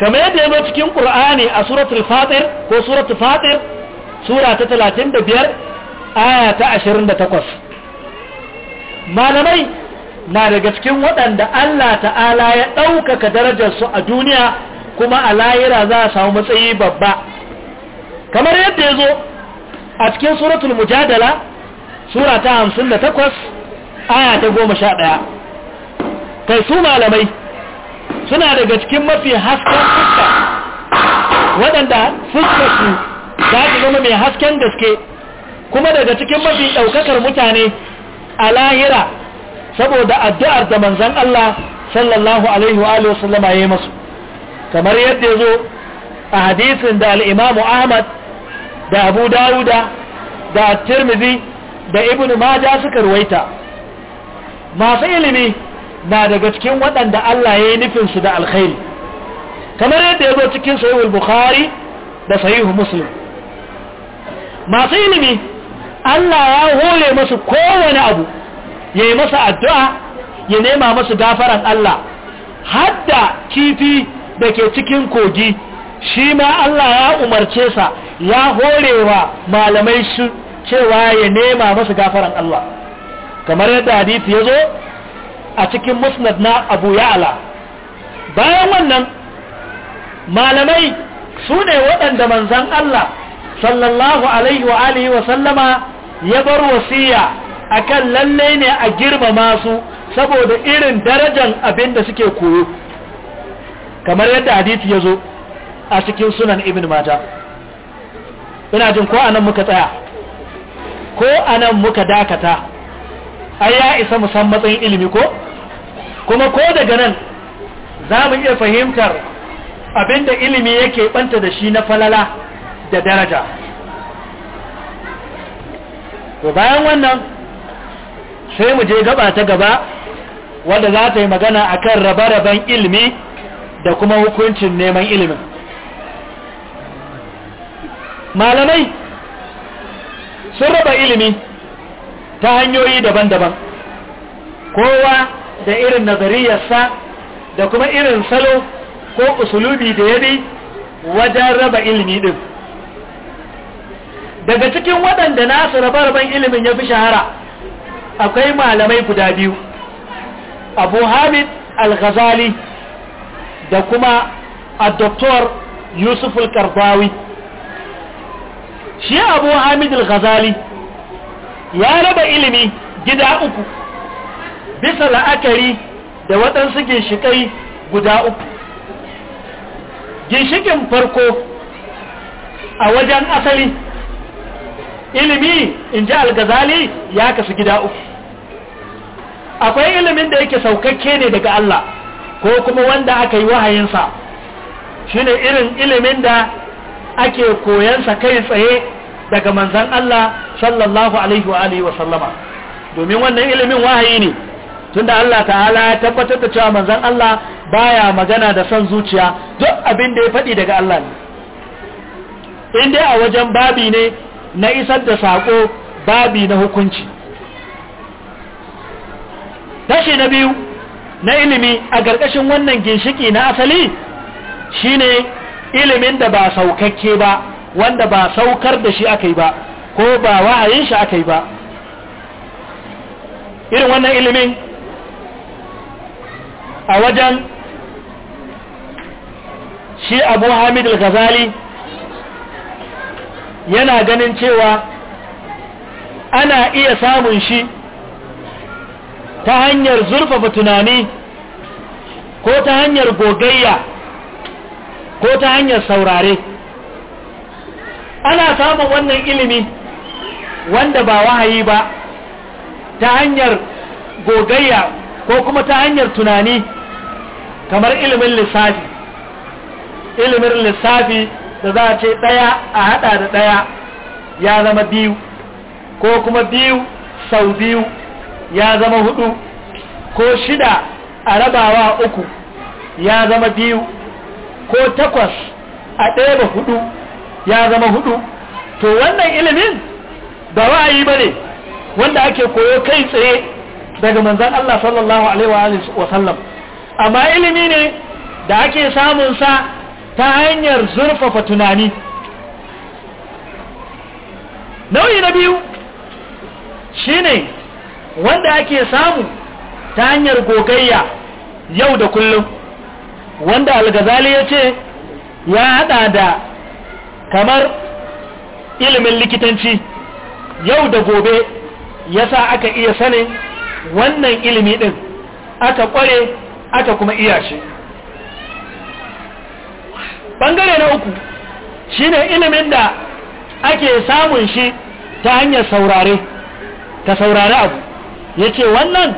kamar yadda ya zo cikin ƙur'ani a suratul fatir ko suratul fatir sura ta 35 aya ta 28 malamai na daga cikin waɗanda Allah ta'ala ya ɗaukaka darajarsu a duniya kuma a lahira za a samu matsayi babba kamar yadda ya zo a cikin suratul mujadala sura ta 58 aya ta 11 kai su malamai suna daga cikin mafi hasken fuska waɗanda fuskarsu za zama mai hasken gaske kuma daga cikin mafi ɗaukakar mutane a lahira saboda addu'ar da manzan Allah sallallahu alaihi wa sallama ya yi masu kamar yadda zo a hadisin da al'imamu Ahmad da Abu Dawuda da Tirmidhi da Ibn Majah suka ruwaita masu ilimi na daga cikin waɗanda Allah ya yi nufinsu da alkhairi kamar yadda ya zo cikin sahihul Bukhari da sahihu Muslim masu ilimi Allah ya hore masu kowane abu ya yi masa addu'a ya nema masu gafaran Allah hadda kifi da ke cikin kogi shi ma Allah ya umarce sa ya wa malamai su cewa ya nema masu gafaran Allah kamar yadda hadisi ya zo a cikin musnad na abu ya'ala bayan wannan malamai su ne waɗanda manzan Allah sallallahu alaihi wa alihi wa sallama ya bar wasiya akan lalle ne a girmama su saboda irin darajar abin da suke koyo kamar yadda hadisi ya zo a cikin sunan ibn mata ina jin ko anan muka tsaya ko anan muka dakata ai ya isa musan matsayin ilimi ko kuma ko daga nan za mu iya fahimtar abinda ilimi yake banta da shi na falala da daraja to bayan wannan sai mu je gaba ta gaba wanda za ta yi magana akan rabe-raben ilimi da kuma hukuncin neman ilimin malamai sun raba ilimi ta hanyoyi daban-daban kowa da irin nazariyarsa da kuma irin salo ko usulubi da ya bi wajen raba ilimi ɗin. daga cikin waɗanda nasu rabarban ilimin ya fi shahara akwai malamai guda biyu abu hamid al-ghazali da kuma a doktor yusuf al-karbawi shi abu hamid al-ghazali ya raba ilimi gida uku bisa la'akari da waɗansu ginshiƙai guda uku ginshiƙin farko a wajen asali ilimi in ji algazali ya kasu gida uku akwai ilimin da yake saukakke ne daga Allah ko kuma wanda aka yi wahayinsa shine irin ilimin da ake koyansa kai tsaye daga manzan Allah sallallahu alaihi wa alihi wa sallama domin wannan ilimin wahayi ne tunda Allah ta'ala ya tabbatar da cewa manzan Allah baya magana da son zuciya duk abin da ya faɗi daga Allah ne in dai a wajen babi ne na isar da sako babi na hukunci tashi na biyu na ilimi a ƙarƙashin wannan ginshiki na asali shine ilimin da ba saukakke ba wanda ba saukar da shi aka yi ba ko ba wa'ayin shi aka yi ba irin wannan ilimin a wajen shi abu hamid al-ghazali yana ganin cewa ana iya samun shi ta hanyar zurfafa tunani ko ta hanyar gogayya ko ta hanyar saurare ana samun wannan ilimi wanda ba wahayi ba ta hanyar gogayya ko kuma ta hanyar tunani kamar ilimin lissafi ilimin lissafi da za a ce ɗaya a haɗa da ɗaya ya zama biyu ko kuma biyu sau biyu ya zama hudu ko shida a rabawa uku ya zama biyu ko takwas a ɗaya ba hudu ya zama hudu to wannan ilimin ba wa'ayi ba ne wanda ake koyo kai tsaye daga manzan Allah sallallahu Alaihi wasallam amma ilimi ne da ake samunsa ta hanyar zurfafa tunani nau'i na biyu shi ne wanda ake samu ta hanyar gogayya yau da kullum wanda algazali ya ce ya haɗa da kamar ilimin likitanci yau da gobe ya sa aka iya sanin wannan ilimi ɗin, aka ƙware aka kuma iya shi bangare na uku shine ilimin da ake samun shi ta hanyar saurare ta saurari abu yace wannan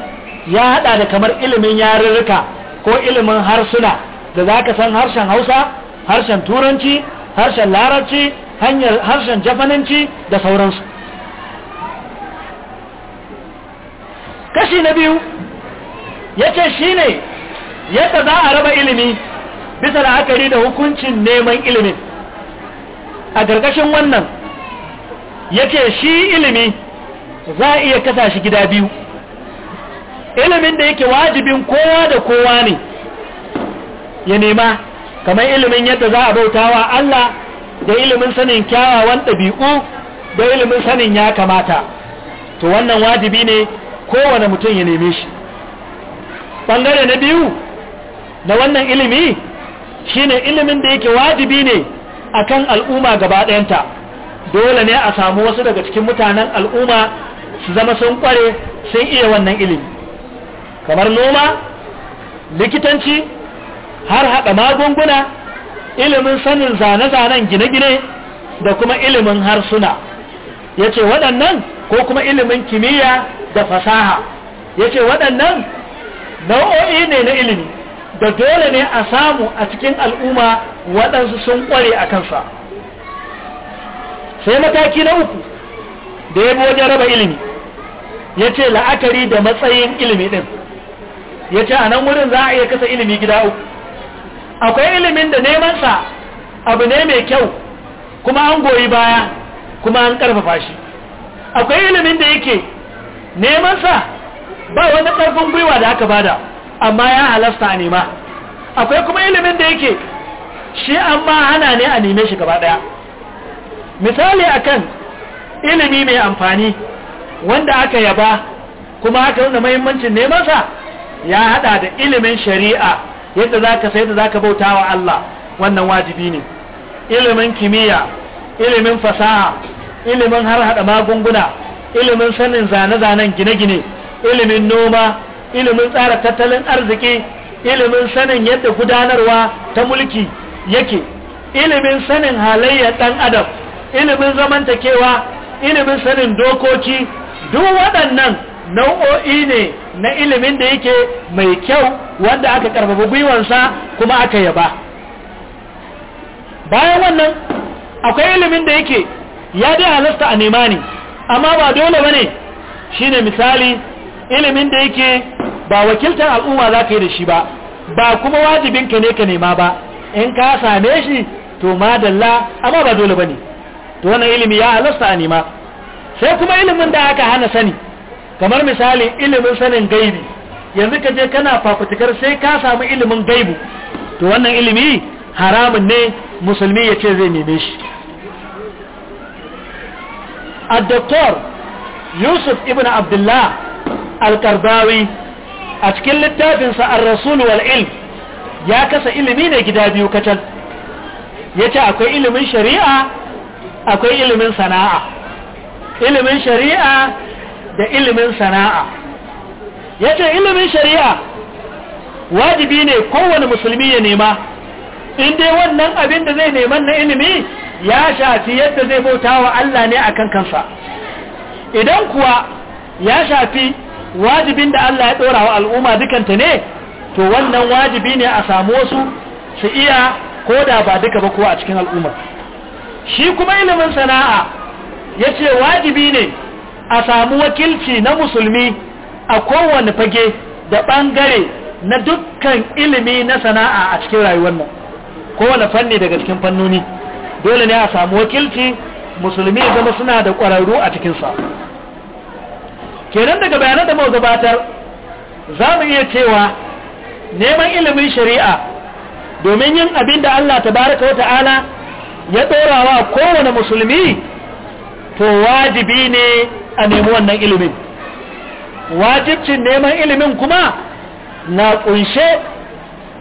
ya hada da kamar ilimin yarurruka ko ilimin harsuna da zaka san harshen Hausa harshen turanci harshen larabci hanyar harshen jafaninci da sauransu kashi na biyu yace shine yadda za a raba ilimi bisa la'akari da hukuncin neman ilimin a gargashin wannan yake shi ilimi za a iya kasa shi gida biyu ilimin da yake wajibin kowa da kowa ne ya nema kamar ilimin yadda za a bautawa Allah da ilimin sanin kyawawan ɗabi'u da ilimin sanin ya kamata to wannan wajibi ne kowane mutum ya neme shi ɓangare na biyu na wannan ilimi shine ilimin da yake wajibi ne akan al'umma gaba ɗayanta dole ne a samu wasu daga cikin mutanen al'umma su zama sun kware sun iya wannan ilimi kamar noma likitanci har haɗa magunguna ilimin sanin zane-zanen gine-gine da kuma ilimin harsuna ya ce waɗannan ko kuma ilimin kimiyya da fasaha ya ce waɗannan nau'o'i ne na ilimi da dole ne a samu a cikin al'umma waɗansu sun ƙware a kansa sai mataki na uku da ya bi wajen raba ilimi ya ce la'akari da matsayin ilimi ɗin ya ce a nan wurin za a iya kasa ilimi gida uku akwai ilimin da nemansa abu ne mai kyau kuma an goyi baya kuma an ƙarfafa shi akwai ilimin da yake nemansa ba wani ƙarfin gwiwa da aka bada amma ya halasta a nema akwai kuma ilimin da yake shi amma hana ne a neme shi gaba daya misali akan ilimi mai amfani wanda aka yaba kuma aka nuna mahimmancin nemansa ya hada da ilimin shari'a yadda za ka sai da za ka bauta wa Allah wannan wajibi ne ilimin kimiyya ilimin fasaha ilimin har hada magunguna ilimin sanin zane-zanen gine-gine ilimin noma ilimin tsara tattalin arziki ilimin sanin yadda gudanarwa ta mulki yake ilimin sanin halayyar ɗan adam ilimin zamantakewa ilimin sanin dokoki duk waɗannan nau'o'i ne na ilimin da yake mai kyau wanda aka karfafa gwiwansa kuma aka yaba bayan wannan akwai ilimin da yake ya dai halasta a nimani amma ba dole ba ne shi misali ilimin da yake ba wakiltar al'umma za ka yi da shi ba ba kuma wajibin ka ne ka nema ba in ka same shi to madalla amma ba dole ba ne to wannan ilimi ya halasta a nema sai kuma ilimin da aka hana sani kamar misali ilimin sanin gaibi yanzu ka je kana fafutukar sai ka samu ilimin gaibu to wannan ilimi haramun ne musulmi ya ce zai neme shi a doktor yusuf ibn abdullah alkarbawi a cikin littafinsa ar-rasul wal ilm ya kasa ilimi ne gida biyu kacal yace akwai ilimin shari'a akwai ilimin sana'a ilimin shari'a da ilimin sana'a yace ilimin shari'a wajibi ne kowane musulmi ya nema in dai wannan abin da zai neman na ilimi ya shafi yadda zai bauta wa Allah ne akan kansa idan kuwa ya shafi wajibin da Allah ya ɗora wa al'umma dukanta ne to wannan wajibi ne a samu wasu su iya ko da ba duka ba kowa a cikin al'umma shi kuma ilimin sana'a yace wajibi ne a samu wakilci na musulmi a kowane fage da ɓangare na dukkan ilimi na sana'a a cikin rayuwar nan kowanne fanni daga cikin fannoni dole ne a samu wakilci musulmi zama suna da ƙwararru a cikinsa kenan daga bayanan da mu gabatar za mu iya cewa neman ilimin shari'a domin yin abin da Allah tabaraka wa ta'ala ya ɗorawa kowane musulmi to wajibi ne a nemi wannan ilimin wajibcin neman ilimin kuma na ƙunshe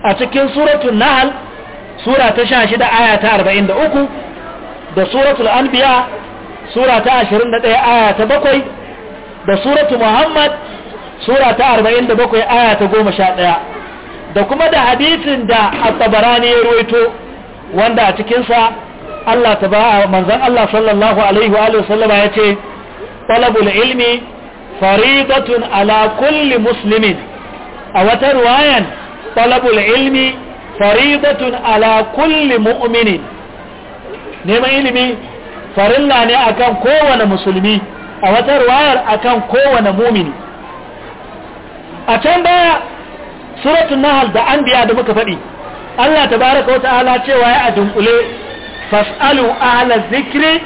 a cikin suratul nahal sura ta 16 aya ta 43 da suratul anbiya sura ta 21 aya ta 7 da suratu muhammad sura ta 47 aya ta 11 da kuma da hadisin da at-tabarani ya ruwaito wanda a cikinsa Allah ta ba manzan Allah sallallahu alaihi wa sallama ya ce talabul ilmi faridatun ala kulli muslimin a wata ruwayan talabul ilmi faridatun ala kulli mu'minin neman ilimi farilla ne akan kowane musulmi a wata ruwayar akan kowane mumini a can baya suratun nahal da an biya da muka faɗi Allah ta baraka wata ala cewa ya a dunkule fas'alu ala zikri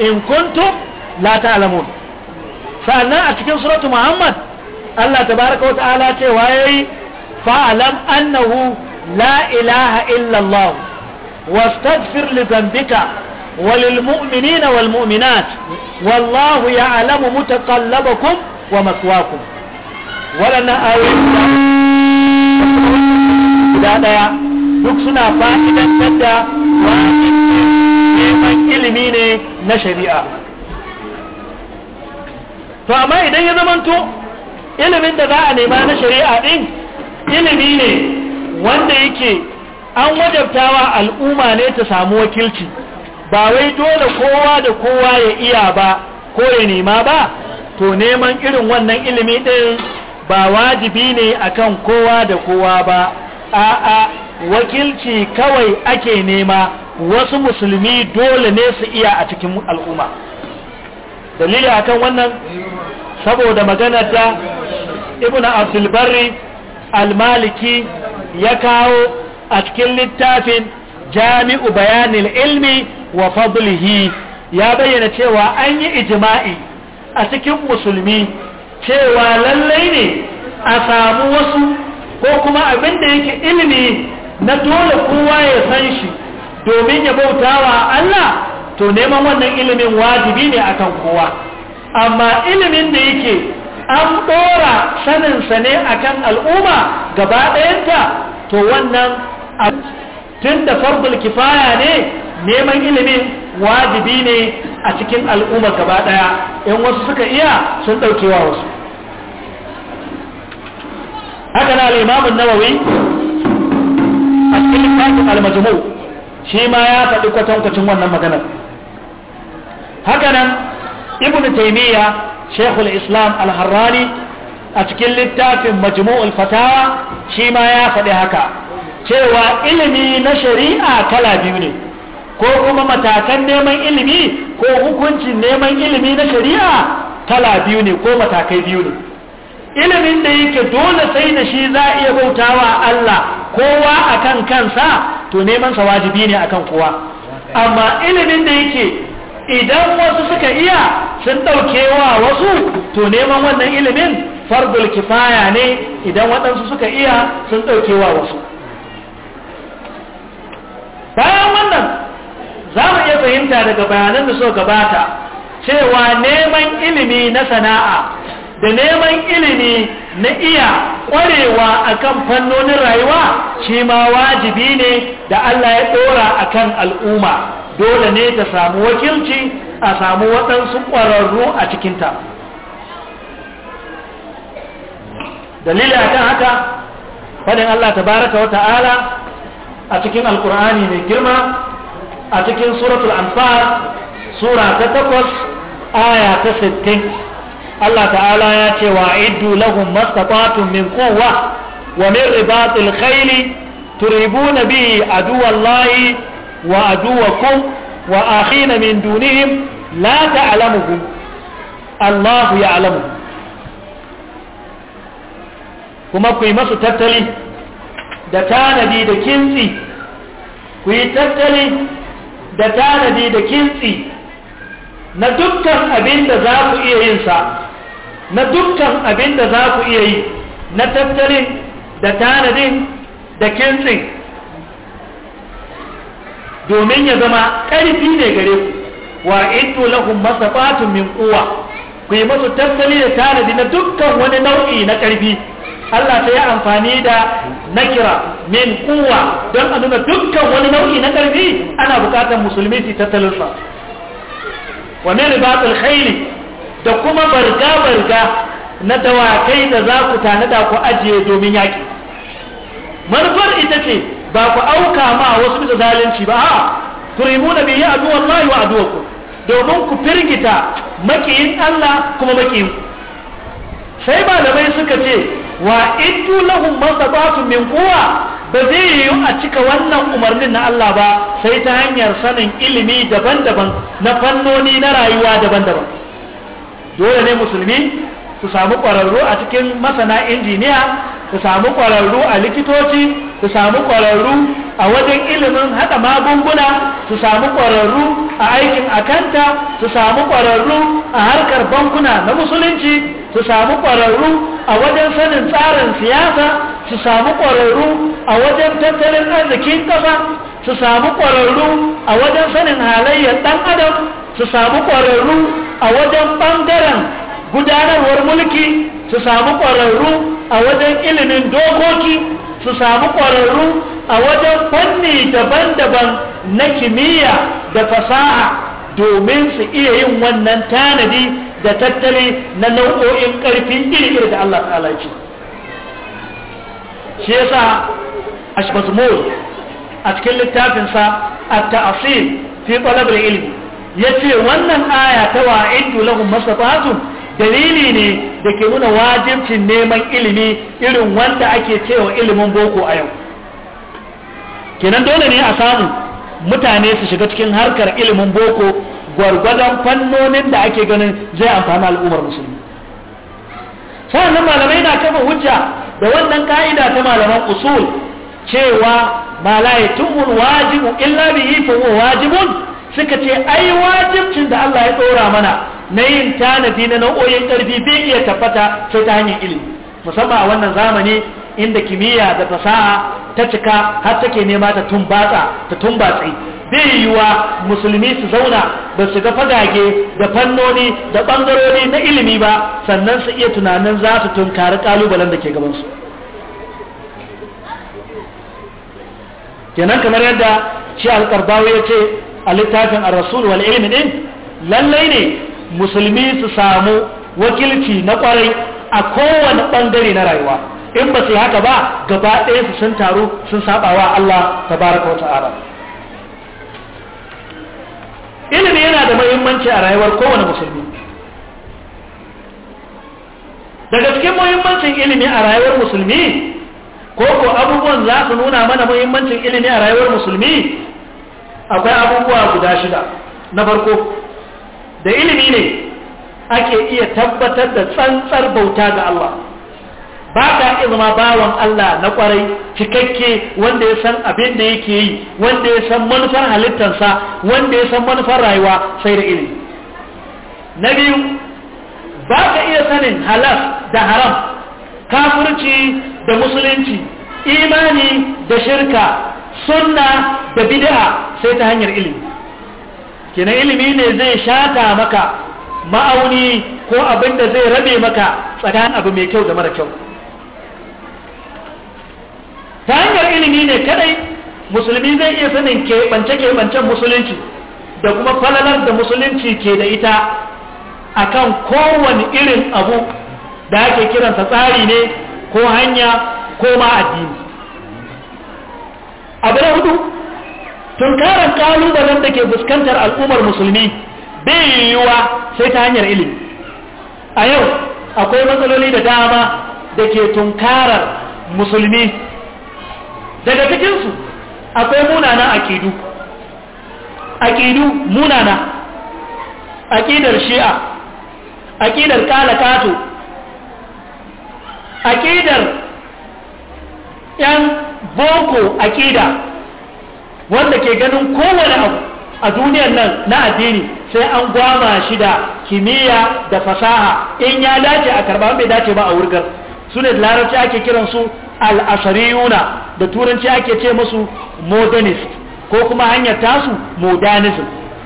in kuntum la ta'lamun sannan a cikin suratu muhammad Allah ta baraka wata ala cewa ya yi fa'alam annahu la ilaha illallah wastaghfir li dhanbika وللمؤمنين والمؤمنات والله يعلم متقلبكم ومثواكم ولنا آيات duk suna fa'idantar da neman ilimi ne na shari'a to amma idan ya zamanto ilimin da za a nema na shari'a ɗin ilimi ne wanda yake an wajabtawa al'umma ne ta samu wakilci ba wai dole kowa da kowa ya iya ba ko ya nema ba to neman irin wannan ilimi ɗin ba wajibi ne akan kowa da kowa ba a'a wakilci kawai ake nema wasu musulmi dole ne su iya a cikin al'umma dalili akan wannan saboda maganar da ibn abdulbari almaliki ya kawo a cikin littafin jami'u bayanin ilmi wa fadlihi ya bayyana cewa an yi ijma'i a cikin musulmi cewa lallai ne a samu wasu ko kuma abin da yake ilimi na dole kowa ya san shi domin ya bautawa Allah to neman wannan ilimin wajibi ne akan kowa amma ilimin da yake an dora saninsa ne akan al'umma gaba ɗayanta to wannan tun da farbul kifaya ne neman ilimin wajibi ne a cikin al'umma gaba daya in wasu suka iya sun ɗaukewa wasu haka na Limamin nawawi a cikin al almajmu shi ma ya faɗi kwatankwacin wannan maganar haka nan ibn taimiyya shekul islam al-harrani a cikin littafin majmu'ul fatawa shi ma ya faɗi haka cewa ilimi na shari'a kala biyu ne ko kuma matakan neman ilimi ko hukuncin neman ilimi na shari'a tala biyu ne ko matakai biyu ne ilimin da yake dole sai da shi za iya bautawa Allah kowa akan kansa to neman sa wajibi ne akan kowa amma ilimin da yake idan wasu suka iya sun dauke wa wasu to neman wannan ilimin fardul kifaya ne idan waɗansu suka iya sun dauke wa wasu bayan wannan za mu iya fahimta daga bayanan da so gabata cewa neman ilimi na sana'a da neman ilimi na iya ƙwarewa akan fannonin rayuwa shi ma wajibi ne da Allah ya ɗora akan al'umma dole ne ta samu wakilci a samu waɗansu ƙwararru a cikinta dalilin akan haka faɗin Allah ta baraka wa ta'ala a cikin alkur'ani mai girma a cikin suratul anfal sura ta takwas aya ta sittin Allah ta'ala ya ce wa iddu lahum mastata'tum min quwwa wa min ribatil khayl turibuna bi aduwallahi wa aduwakum wa akhina min dunihim la ta'lamuhum Allah ya'lamu kuma ku yi masu tattali da tanadi da kintsi ku yi tattali da tanadi da kintsi na dukkan abin da za ku iya yin sa na dukkan abin da za ku iya yi na tattalin da tanadin da kintsin domin ya zama ƙarfi ne gare ku wa idu lahum masabatun min quwwa ku yi masu tattali da tanadi na dukkan wani nau'i na ƙarfi Allah sai ya amfani da nakira min kuwa don a nuna dukkan wani nau'i na ƙarfi ana buƙatar musulmi su tattalinsa wa min ribatul da kuma barga barga na dawakai da za ku tanada ku ajiye domin yaƙi, manufar ita ce ba ku auka ma wasu bisa zalunci ba a turimuna bihi aduwallahi wa aduwakum domin ku firgita makiyin Allah kuma makiyin ku sai malamai suka ce wa iddu lahum masabatu min quwa ba zai yi a cika wannan umarnin na Allah ba sai ta hanyar sanin ilimi daban-daban na fannoni na rayuwa daban-daban dole ne musulmi ku samu ƙwararru a cikin masana injiniya ku samu ƙwararru a likitoci ku samu ƙwararru a wajen ilimin haɗa magunguna su samu ƙwararru a aikin akanta su samu ƙwararru a harkar bankuna na musulunci su samu ƙwararru a wajen sanin tsarin siyasa su samu ƙwararru a wajen tattalin arzikin ƙasa su samu ƙwararru a wajen sanin halayyar ɗan adam su samu ƙwararru a wajen ɓangaren gudanarwar mulki su samu ƙwararru a wajen ilimin dokoki su samu ƙwararru a wajen fanni daban-daban na kimiyya da fasaha domin su iya yin wannan tanadi da tattali na nau'o'in ƙarfi iri-iri da Allah ta'ala ce shi yasa ashbazmur a cikin littafinsa a ta'asir fi ƙwalabar ilimi. ya ce wannan aya ta wa'idu lahum masafatun dalili ne da ke nuna wajibcin neman ilimi irin wanda ake cewa ilimin boko a yau kenan dole ne a samu mutane su shiga cikin harkar ilimin boko gwargwadon fannonin da ake ganin zai amfani al'ummar musulmi Sannan malamai na kafa hujja da wannan ka'ida ta malaman usul cewa ma tumul wajibu illa bihi fa wajibun suka ce ai wajibcin da Allah ya dora mana na yin tanadi na nau'o'in ƙarfi bai iya tabbata sai ta hanyar ilimi musamman a wannan zamani inda kimiyya da fasaha ta cika har take nema ta tumbatsa ta tumbatsi bai yiwuwa musulmi su zauna ba su ga fagage da fannoni da ɓangarori na ilimi ba sannan su iya tunanin za su tunkari ƙalubalen da ke gabansu kenan kamar yadda shi alƙarbawi ya ce a littafin ar-rasul wal ilmi din lallai ne musulmi su samu wakilci na kwarai a kowane bangare na rayuwa in ba su haka ba gaba ɗaya su sun taru sun sabawa Allah tabaraka wa ta'ala ilimi yana da muhimmanci a rayuwar kowane musulmi daga cikin muhimmancin ilimi a rayuwar musulmi ko ko abubuwan za su nuna mana muhimmancin ilimi a rayuwar musulmi akwai abubuwa guda shida na farko da ilimi ne ake iya tabbatar da tsantsar bauta ga Allah ba ka zama bawan Allah na kwarai cikakke wanda ya san abin da yake yi wanda ya san manufar halittarsa wanda ya san manufar rayuwa sai da ilimi na biyu ba ka iya sanin halas da haram kafirci da musulunci imani da shirka sunna da bid'a sai ta hanyar ilimi kina ilimi ne zai shata maka ma'auni ko abin da zai rabe maka tsakanin abu mai kyau da mara kyau ta hanyar ilimi ne kadai musulmi zai iya sanin keɓance-keɓancen musulunci da kuma falalar da musulunci ke da ita akan kowane irin abu da ake kiransa tsari ne ko hanya ko ma addini abu na hudu tunkarar kalubalen da ke fuskantar al'ummar musulmi bai yiwuwa sai ta hanyar ilimi a yau akwai matsaloli da dama da ke tunkarar musulmi daga cikinsu akwai munana akidu akidu munana akidar shi'a akidar kalakato akidar yan boko akida wanda ke ganin kowane abu a duniyar nan na addini sai an gwama shi da kimiyya da fasaha in ya dace a karba bai dace ba a wurgar su ne larabci ake kiran kiransu al'asariyuna da turanci ake ce musu modernist ko kuma hanyar tasu modernism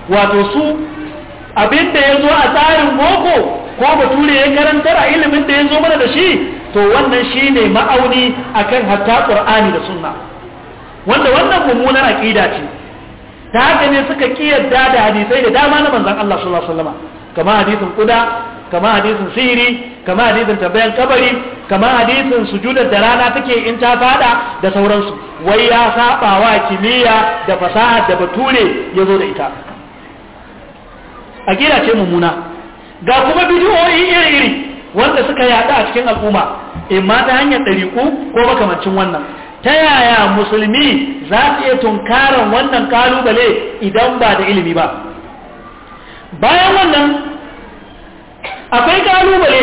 wato su abinda ya zo a tsarin boko ko bature ya karantar a ilimin da ya zo mana da shi to wannan shi ne ma'auni akan hatta ƙur'ani da sunna wanda wannan mummunar aƙida ce ta haka ne suka kiyarda da hadisai da dama na manzon Allah sallallahu alaihi wasallam kama hadisin kuda kama hadisin sihiri kama hadisin tabayan kabari kama hadisin sujudar da rana take in ta fada da sauransu wai ya saba wa kimiyya da fasaha da bature ya zo da ita akida ce mummuna ga kuma bidiyoyi iri-iri wanda suka yada a cikin al'umma imma ta hanyar ɗariƙu ko makamancin wannan ta yaya musulmi za su iya tunkaran wannan kalubale idan ba da ilimi ba bayan wannan akwai kalubale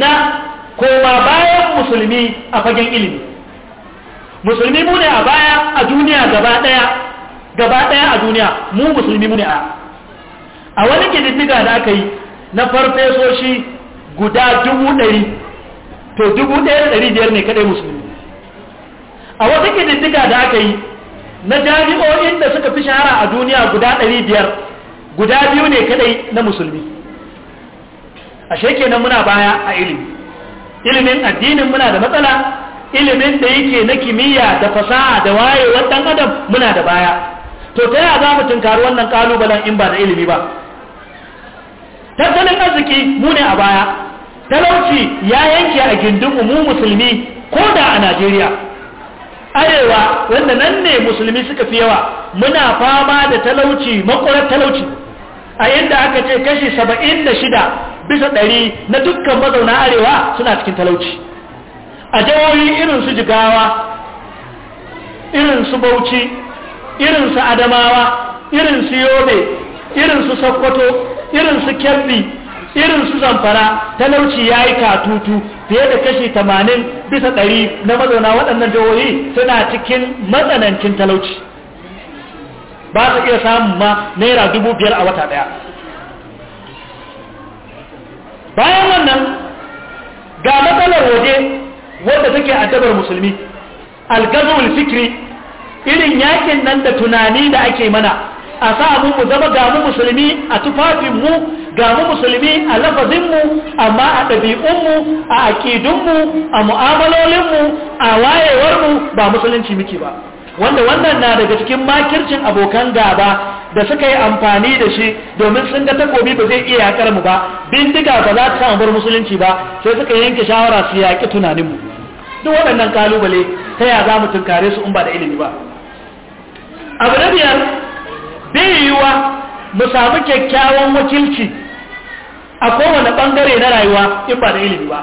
na koma bayan musulmi a fagen ilimi musulmi mu ne a baya a duniya gaba daya gaba daya a duniya mu musulmi mu ne a a wani kididdiga da aka yi na farfesoshi guda dubu ɗari to dubu ɗaya da ɗari biyar ne kaɗai musulmi a wasu ƙididdiga da aka yi na jami'o'in da suka fi shahara a duniya guda ɗari biyar guda biyu ne kaɗai na musulmi ashe kenan muna baya a ilimi ilimin addinin muna da matsala ilimin da yake na kimiyya da fasaha da wayewar ɗan adam muna da baya to ta yaya za mu tunkari wannan ƙalubalen in ba da ilimi ba tattalin arziki mu ne a baya talauci ya yanke a gindin mu musulmi ko da a najeriya arewa wanda nan ne musulmi suka fi yawa muna fama da talauci makwarar talauci a yadda aka ce kashi saba'in da shida bisa ɗari na dukkan mazauna arewa suna cikin talauci a jawoyi irin su jigawa irin su bauchi irin su adamawa irin su yobe irin su sokoto irin su kebbi irin su zamfara talauci ya yi katutu fiye da kashi tamanin bisa ɗari na mazauna waɗannan jihohi suna cikin matsanancin talauci ba su iya samun ma naira dubu biyar a wata ɗaya bayan wannan ga matsalar waje wadda take addabar musulmi algazul fikri irin yakin nan da tunani da ake mana a sa mu mu zama ga mu musulmi a tufafin ga mu musulmi a lafazin mu, amma a ɗabi'un mu, a aƙidunmu a mu'amalolin mu, a wayewar mu, ba musulunci muke ba wanda wannan na daga cikin makircin abokan gaba da suka yi amfani da shi domin sun ga takobi ba zai iya yakar mu ba bindiga ba za ta samu bar musulunci ba sai suka yanke shawara su yaki mu duk waɗannan kalubale ta ya za mu tunkare su in ba da ilimi ba abu na biyar rayuwa mu samu kyakkyawan wakilci a kowane bangare na rayuwa in ba da ilimi ba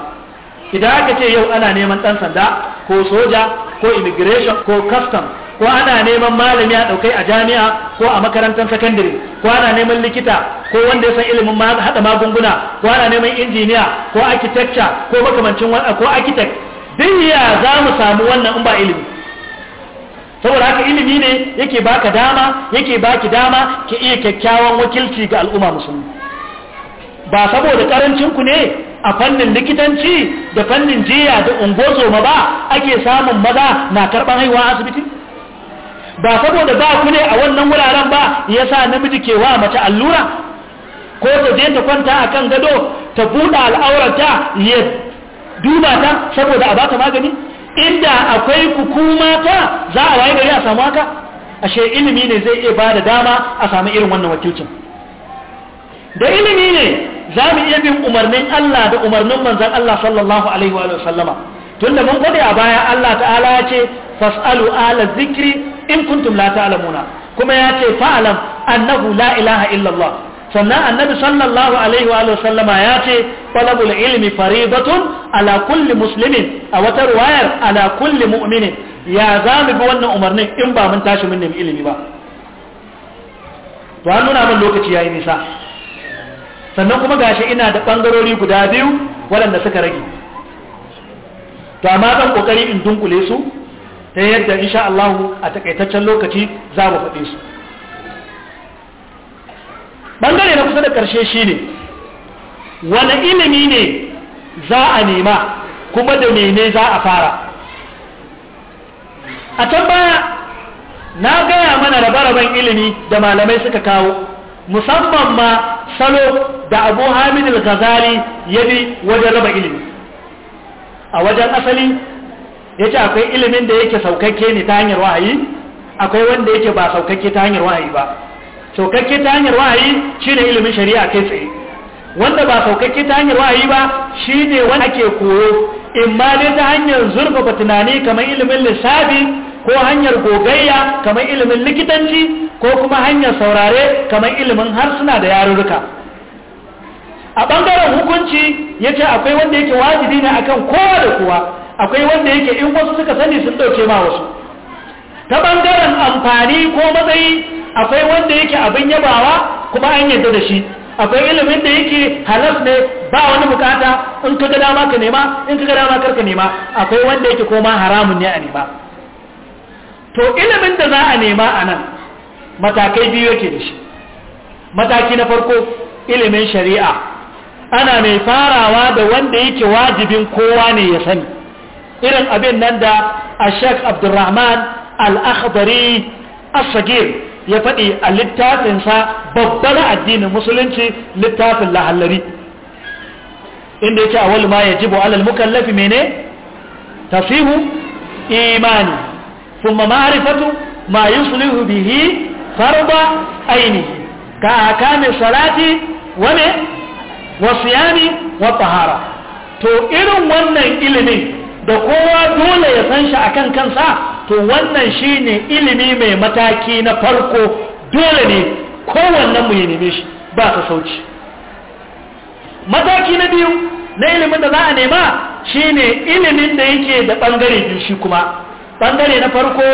idan aka ce yau ana neman ɗan sanda ko soja ko immigration ko custom ko ana neman malami a ɗaukai a jami'a ko a makarantar sakandare ko ana neman likita ko wanda ya san ilimin haɗa magunguna ko ana neman injiniya ko architecture ko makamancin ko architect duk ya za mu samu wannan in ba ilimi saboda haka ilimi ne yake baka dama yake baki dama ki iya kyakkyawan wakilci ga al'umma musulmi ba saboda karancin ku ne a fannin likitanci da fannin jiya da ungozoma ba ake samun maza na karban haihuwa asibiti ba saboda ba ku ne a wannan wuraren ba yasa namiji ke wa mace allura ko ta je ta kwanta a kan gado ta buɗe al'aurata ya duba ta saboda a ba bata magani inda akwai hukuma ta za a waye gari a samu haka ashe ilimi ne zai iya ba da dama a samu irin wannan wakilcin da ilimi ne za mu iya bin umarnin Allah da umarnin manzon Allah sallallahu alaihi wa sallama tunda mun gode a baya Allah ta'ala ya ce fas'alu ala zikri in kuntum la ta'lamuna kuma ya ce fa'alam annahu la ilaha illallah sannan annabi sallallahu alaihi wa sallama ya ce talabul ilmi faridatun ala kulli muslimin a wata ruwayar ala kulli mu'minin ya za mu bi wannan umarnin in ba mun tashi mun nemi ilimi ba to an nuna min lokaci yayi nisa sannan kuma gashi ina da bangarori guda biyu waɗanda suka rage to amma zan kokari in dunkule su ta yadda insha Allah a takaitaccen lokaci za mu faɗe su bangare na kusa da karshe ne, wani ilimi ne za a nema kuma da mene za a fara a can baya na gaya mana rabe-raben ilimi da malamai suka kawo musamman ma salo da abu hamid al-ghazali ya bi wajen raba ilimi a wajen asali ya ce akwai ilimin da yake saukakke ne ta hanyar wahayi akwai wanda yake ba saukakke ta hanyar wahayi ba saukakke ta hanyar wahayi ne ilimin shari'a kai tsaye wanda ba saukakke ta hanyar wahayi ba shi ne wani ake koyo ma dai ta hanyar zurfafa tunani kamar ilimin lissafi ko hanyar gogayya kamar ilimin likitanci ko kuma hanyar saurare kamar ilimin harsuna da yarurruka a ɓangaren hukunci ya ce akwai wanda yake wajibi ne akan kowa da kowa akwai wanda yake in wasu suka sani sun ɗauke ma wasu ta ɓangaren amfani ko matsayi akwai wanda yake abin yabawa kuma an yadda da shi akwai ilimin da yake halas ne ba wani bukata in ka ga dama ka nema in ka ga dama karka nema akwai wanda yake koma haramun ne a nema to ilimin da za a nema a nan matakai biyu yake da shi mataki na farko ilimin shari'a ana mai farawa da wanda yake wajibin kowa ne ya sani irin abin nan da ashek abdurrahman al-akhdari as-sagir ya faɗi a littafinsa babban addinin musulunci littafin lahallari inda yake a wani ma ya jibo alal mukallafi mene tafihu imani kuma ma'arifatu ma yuslihu bihi farba aini. ka akamin salati wane wasiyani wa tahara to irin wannan ilimin da kowa dole ya san shi akan kansa to wannan shine ilimi mai mataki na farko dole ne kowannen mu ya neme shi ba ta sauci mataki na biyu na ilimin da za a nema shine ilimin da yake da bangare biyu shi kuma bangare na farko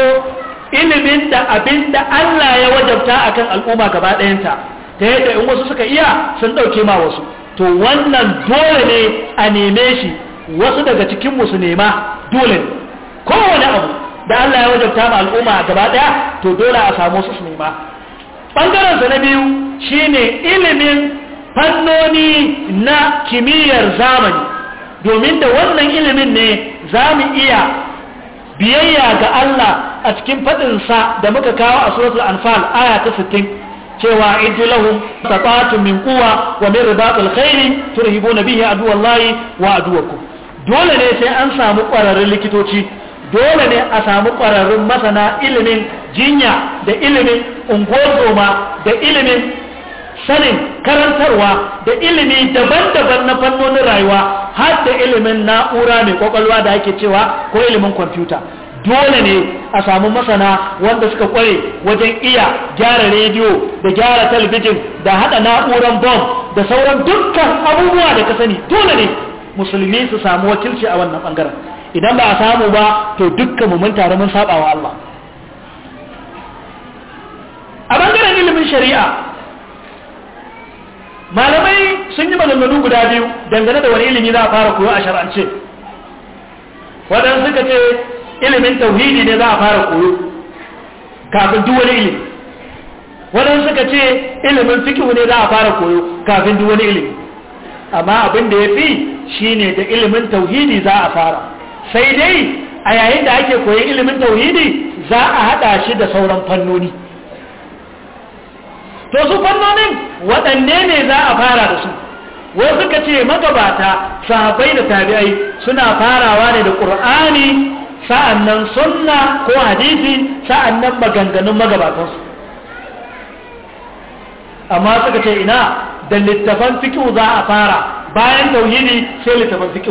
ilimin da abinda Allah ya wajabta akan al'umma gaba ɗayanta ta yadda in wasu suka iya sun ɗauke ma wasu to wannan dole ne a neme shi wasu daga cikin musu nema dole ne kowane abu da Allah ya wajabta ma al'umma gaba daya to dole a samu su nema bangaren sa na biyu shine ilimin fannoni na kimiyyar zamani domin da wannan ilimin ne za mu iya biyayya ga Allah a cikin sa da muka kawo a suratul anfal aya ta 60 cewa idulahum taqatu min quwa wa min ribatil khairi turhibuna bihi wallahi wa aduwakum dole ne sai an samu ƙwararrun likitoci dole ne a samu ƙwararrun masana ilimin jinya da ilimin ungozoma da ilimin sanin karantarwa da ilimi daban-daban na fannonin rayuwa har da ilimin na'ura mai kwakwalwa da ake cewa ko ilimin kwamfuta dole ne a samu masana wanda suka kware wajen iya gyara rediyo da gyara talabijin da hada na'uran bom da sauran dukkan abubuwa da ka sani dole ne musulmi su samu wakilci a wannan bangaren idan ba a samu ba to dukkan mu mun tare mun saba wa Allah a bangaren ilimin shari'a malamai sun yi maganganu guda biyu dangane da wani ilimi za a fara koyo a shar'ance wadan suka ce ilimin tauhidi ne za a fara koyo kafin duk wani ilimi wadan suka ce ilimin fikihu ne za a fara koyo kafin duk wani ilimi amma abin da ya fi shine da ilimin tauhidi za a fara sai dai a yayin da ake koyi ilimin tauhidi za a hada shi da sauran fannoni to su fannonin waɗanne ne za a fara da su wai suka ce magabata sahabbai da tabi'ai suna farawa ne da ƙur'ani sa'annan sunna ko hadisi sa'annan maganganun magabatansu amma suka ce ina da littafan fikihu za a fara bayan tauhidi sai littafin fiqh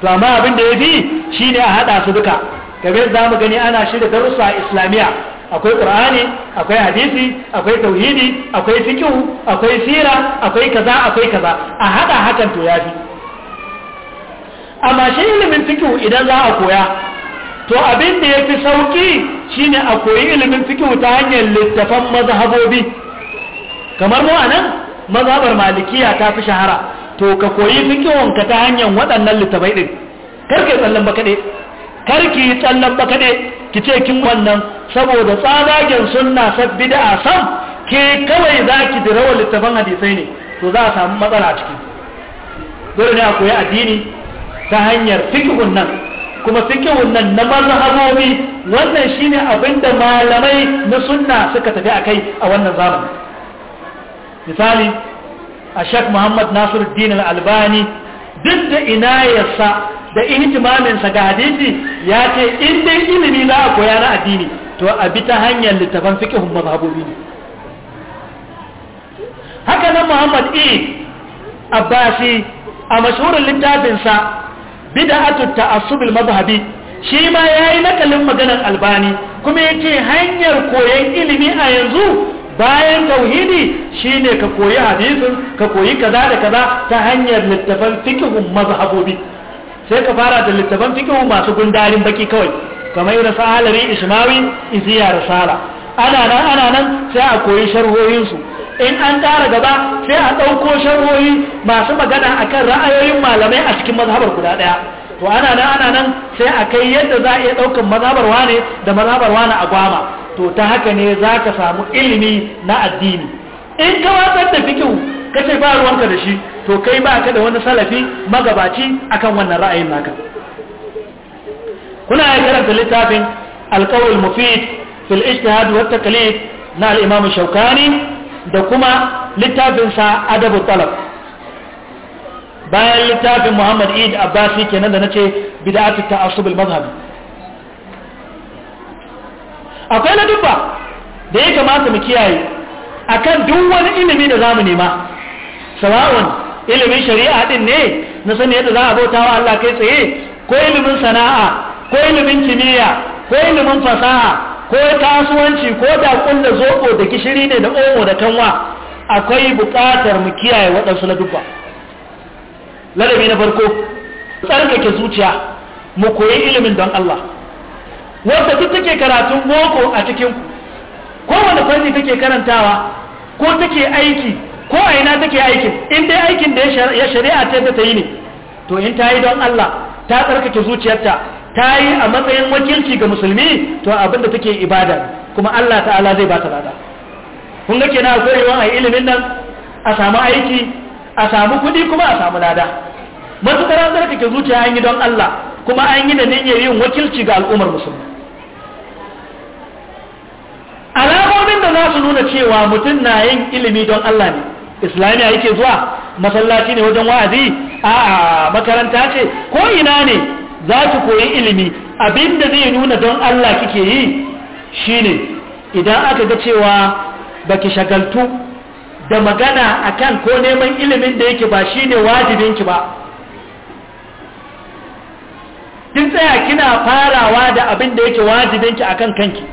to amma abin da ya yafi shine a hada su duka kabe za mu gani ana shirya darussa islamiyya. akwai ƙur'ani, akwai hadisi akwai tauhidi akwai fikihu akwai sira akwai kaza akwai kaza a hada hakan to yafi amma shi ilimin fikihu idan za a koya to abin da yafi sauki shine a koyi ilimin fikihu ta hanyar littafan mazhabobi kamar mu nan? mazhabar malikiya ta fi shahara to ka koyi fikihun ta hanyar waɗannan littafai din kar yi tsallan bakaɗe karki yi tsallan bakaɗe ki ce kin wannan saboda tsadagen sunna sabbi da sam ke kawai za ki wa littafan hadisai ne to za a samu matsala a ciki dole ne a koyi addini ta hanyar fikihun nan kuma fikihun nan na mazhabobi wannan shine abinda malamai na sunna suka tafi a kai a wannan zamanin misali a shek muhammad nasiruddin al-albani duk da ina yasa da ihtimaminsa ga hadisi ya ce in ilimi za a koya na addini to a bi ta hanyar littafan fiqhun mazhabobi ne haka nan muhammad e abbasi a mashhurin littafinsa bid'atu ta'assub al mazhabi shi ma yayi nakalin maganar albani kuma yace hanyar koyon ilimi a yanzu bayan tauhidi shine ka koyi hadisin ka koyi kaza da kaza ta hanyar littafan fikihun mazhabobi sai ka fara da littafan fikihun masu gundarin baki kawai kamar irin sahalari ishmawi iziya risala ana nan ana nan sai a koyi sharhohinsu in an tara gaba sai a ɗauko sharhohi masu magana akan ra'ayoyin malamai a cikin mazhabar guda ɗaya to ana nan ana nan sai a kai yadda za a iya ɗaukan mazabar ne da mazabarwa na a gwama to ta haka ne za ka samu ilimi na addini in ka watsar da fikihu ka ce ba ruwanka da shi to kai ba ka da wani salafi magabaci akan wannan ra'ayin naka kuna ya karanta littafin alkawul mufid fil ijtihad wa taqlid na al-imam shaukani da kuma littafin sa adabu talab bayan littafin muhammad id abbasi kenan da na ce bida'atu ta'assubul mazhabi akwai na dubba da ya kamata mu kiyaye akan duk wani ilimi da zamu nema sawa'un ilimin shari'a din ne na sani yadda za a bauta wa Allah kai tsaye ko ilimin sana'a ko ilimin kimiyya ko ilimin fasaha ko kasuwanci ko da kulla zobo da gishiri ne da omo da kanwa akwai buƙatar mu kiyaye waɗansu na dubba ladabi na farko tsarkake zuciya mu koyi ilimin don Allah wanda duk take karatun boko a cikin ku kowane fanni take karantawa ko take aiki ko a ina take aikin in dai aikin da ya shari'a yadda ta yi ne to in ta yi don Allah ta tsarkake zuciyarta ta yi a matsayin wakilci ga musulmi to abinda take ibada kuma Allah ta'ala zai ba ta lada kun ga kenan akwai yawan a ilimin nan a samu aiki a samu kuɗi kuma a samu lada matuƙar an tsarkake zuciya an yi don Allah kuma an yi da niyyar yin wakilci ga al'ummar musulmi alamomin da za su nuna cewa mutum na yin ilimi don Allah ne islamiya yake zuwa masallaci ne wajen wa'azi a makaranta ce ko ina ne za ki koyi ilimi abinda zai nuna don Allah kike yi shine idan aka ga cewa baki shagaltu da magana akan ko neman ilimin da yake ba shi shine wajibinki ba kin tsaya kina farawa da abin da yake wajibinki akan kanki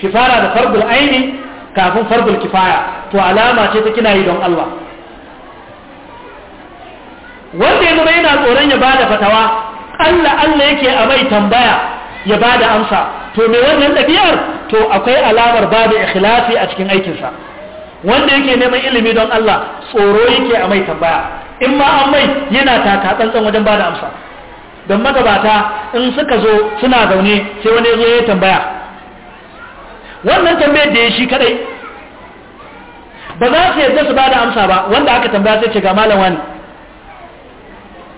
ki fara da fardul aini kafin fardul kifaya to alama ce ta kina yi don Allah wanda ya zama yana tsoron ya bada fatawa Allah Allah yake a mai tambaya ya bada amsa to me wannan ɗabi'ar to akwai alamar babu ikhlasi a cikin aikinsa wanda yake neman ilimi don Allah tsoro yake a mai tambaya in ma an mai yana taka tsantsan wajen bada amsa don magabata in suka zo suna zaune sai wani zo ya tambaya wannan tambayar da ya shi kadai ba za su yadda su bada amsa ba wanda aka tambaya sai ce ga malam wani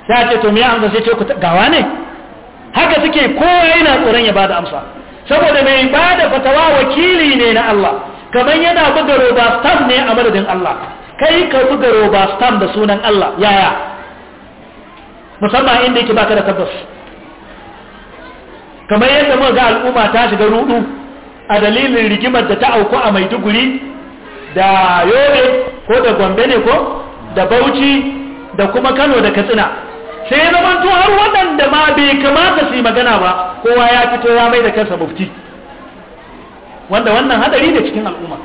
sai ce to miya amsa sai ce gawa ne haka suke kowa yana tsoron ya bada amsa saboda mai bada fatawa wakili ne na Allah kamar yana buga roba stamp ne a madadin Allah kai ka buga roba stamp da sunan Allah yaya musamman inda yake baka da tabbas kamar yadda muka ga al'umma ta shiga rudu a dalilin rigimar da ta auku a Maiduguri da Yobe ko da Gombe ne ko da Bauchi da kuma Kano da Katsina sai zaman zamanto har da ma bai kamata su yi magana ba kowa ya fito ya mai da kansa mufti wanda wannan hadari ne cikin al'umma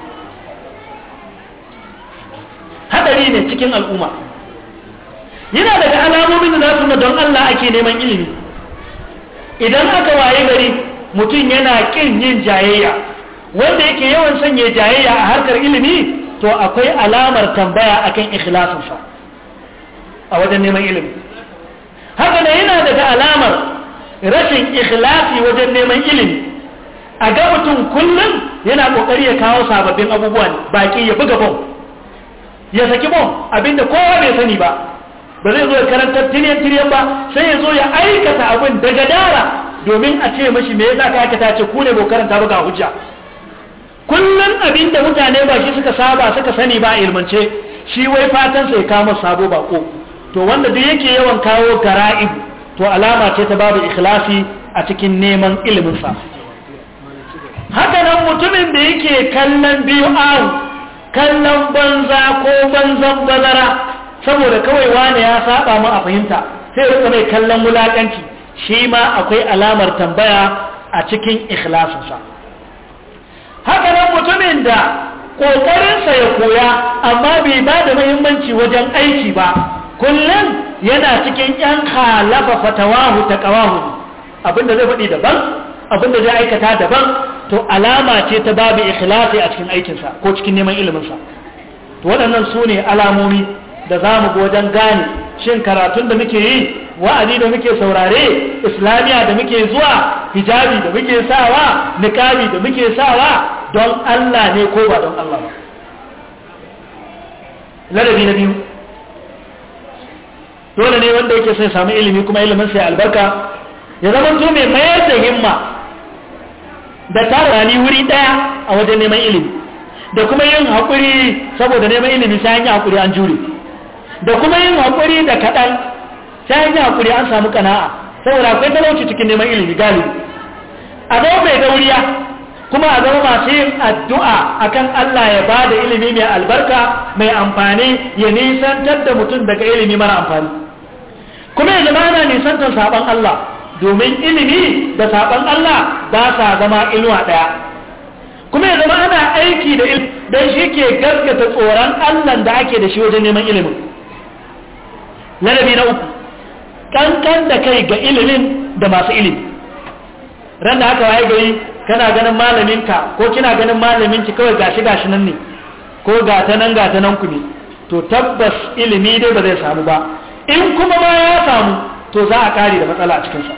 hadari ne cikin al'umma yana daga alamomin da za su don Allah ake neman ilimi idan aka waye gari mutum yana ƙin yin jayayya wanda yake yawan sanya jayayya a harkar ilimi to akwai alamar tambaya akan ikhlasinsa a wajen neman ilimi haka ne yana daga alamar rashin ikhlasi wajen neman ilimi a ga mutum kullum yana kokari ya kawo sababbin abubuwa baki ya buga bom ya saki bom abinda kowa bai sani ba ba zai zo ya karanta tiriyan tiriyan ba sai ya zo ya aikata abin daga dara domin a ce mashi me yasa ka aikata ce ku ne karanta buga ga hujja kullum abinda mutane ba shi suka saba suka sani ba ilmance shi wai fatan sai kama sabo bako to wanda duk yake yawan kawo gara'ib to alama ce ta babu ikhlasi a cikin neman ilimin sa haka nan mutumin da yake kallon biyu an kallon banza ko banzan bazara saboda kawai wani ya saba mu a fahimta sai ya mai kallon wulakanci shi ma akwai alamar tambaya a cikin ikhlasinsa haka nan mutumin da ƙoƙarinsa ya koya amma bai ba da muhimmanci wajen aiki ba kullum yana cikin 'yan halafa fatawahu ta ƙawahu abinda zai faɗi daban abin da zai aikata daban to alama ce ta babu ikhlasi a cikin aikinsa ko cikin neman iliminsa to waɗannan su ne alamomi da za mu wajen gane shin karatun da muke yi wa'azi da muke saurare islamiya da muke zuwa hijabi da muke sawa niqabi da muke sawa don Allah ne ko ba don Allah ladabi na biyu dole ne wanda yake sai samu ilimi kuma ilimin ya albarka ya zama to mai mayar da himma da tara ni wuri daya a wajen neman ilimi da kuma yin haƙuri saboda neman ilimi sai an yi haƙuri an jure da kuma yin hakuri da kaɗan sai an yi haƙuri an samu kana'a saboda akwai talauci cikin neman ilimi galibi a zama mai dauriya kuma a zama masu yin addu'a akan Allah ya ba da ilimi mai albarka mai amfani ya nisantar da mutum daga ilimi mara amfani kuma ya zama ana nisantar saɓon Allah domin ilimi da sabon Allah ba sa zama inuwa ɗaya kuma ya zama ana aiki da ilimi don shi ke gaskata tsoron Allah da ake da shi wajen neman ilimin larabi na uku ƙanƙan da kai ga ilimin da masu ilimi ran da aka waye gari kana ganin malaminka ko kina ganin malaminki kawai gashi gashi nan ne ko gata nan gata nan ku ne to tabbas ilimi dai ba zai samu ba in kuma ma ya samu to za a kare da matsala a cikinsa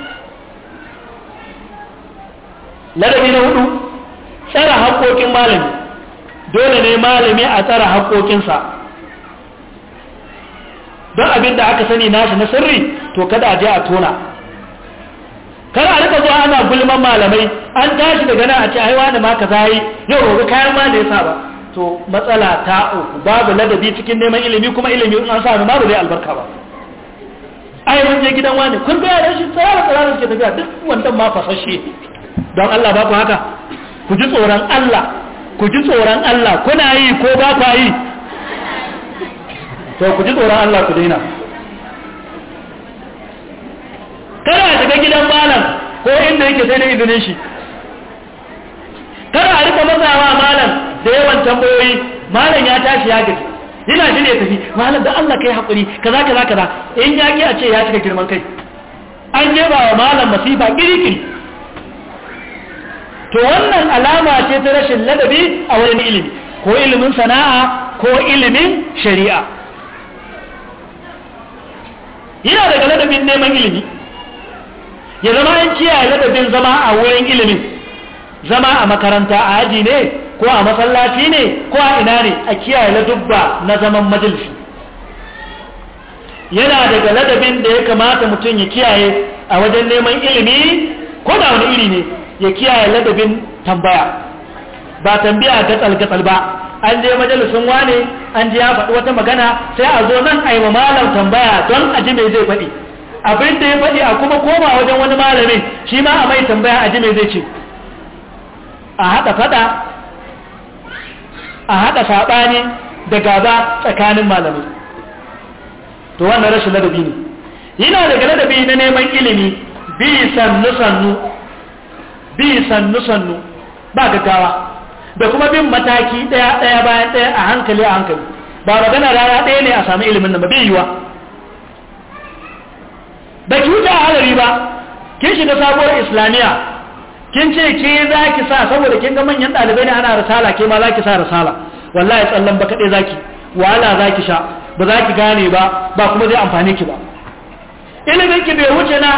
ladabi na hudu tsara haƙoƙin malami dole ne malami a tsara haƙoƙinsa don abin da aka sani nashi na sirri to kada a je a tona kar a rika zuwa ana gulman malamai an tashi daga nan a ce aiwa da maka zayi yau gobe kayan ma da ya sa ba to matsala ta uku babu ladabi cikin neman ilimi kuma ilimi in an sa babu dai albarka ba ai mun je gidan wani kun ga yaran shi tsara tsara ke tafiya duk wannan ma fasashe don Allah ba ku haka ku ji tsoron Allah ku ji tsoron Allah kuna yi ko ba ku yi to ku ji tsoron Allah ku daina kada a shiga gidan malam ko inda yake sai da izinin shi kada a rika matsawa malam da yawan tambayoyi malam ya tashi ya gaji yana jin ya tafi malam da Allah kai hakuri kaza kaza kaza in ya ki a ce ya cika girman kai an jeba wa malam masifa kirikiri to wannan alama ce ta rashin ladabi a wurin ilimi ko ilimin sana'a ko ilimin shari'a yana daga ladabin neman ilimi ya zama an kiyaye ladabin zama a wurin ilimin zama a makaranta a aji ne ko a masallaci ne ko a ina ne a kiyaye ladubba na zaman majalisi yana daga ladabin da ya kamata mutum ya kiyaye a wajen neman ilimi ko da wani iri ne ya kiyaye ladabin tambaya ba tambaya gatsal-gatsal ba an je majalisun wane an ji ya faɗi wata magana sai a zo nan a yi malam tambaya don a ji mai zai faɗi abin da ya faɗi a kuma koma wajen wani malamin shi ma a mai tambaya a ji mai zai ce a haɗa faɗa a haɗa saɓani da gaba tsakanin malamai to wannan rashin ladabi ne yana daga ladabi na neman ilimi bi sannu-sannu bi sannu-sannu ba gaggawa da kuma bin mataki ɗaya-ɗaya bayan ɗaya a hankali a hankali ba magana rara ɗaya ne a sami ilimin nan ba bai yiwa ba ki wuce a halari ba kin shiga sabuwar islamiyya kin ce ke za ki sa saboda kin ga manyan ɗalibai ne ana rasala ke ma za ki sa risala wallahi tsallan ba kaɗai za ki wahala za ki sha ba za ki gane ba ba kuma zai amfani ki ba ilimin ki bai wuce na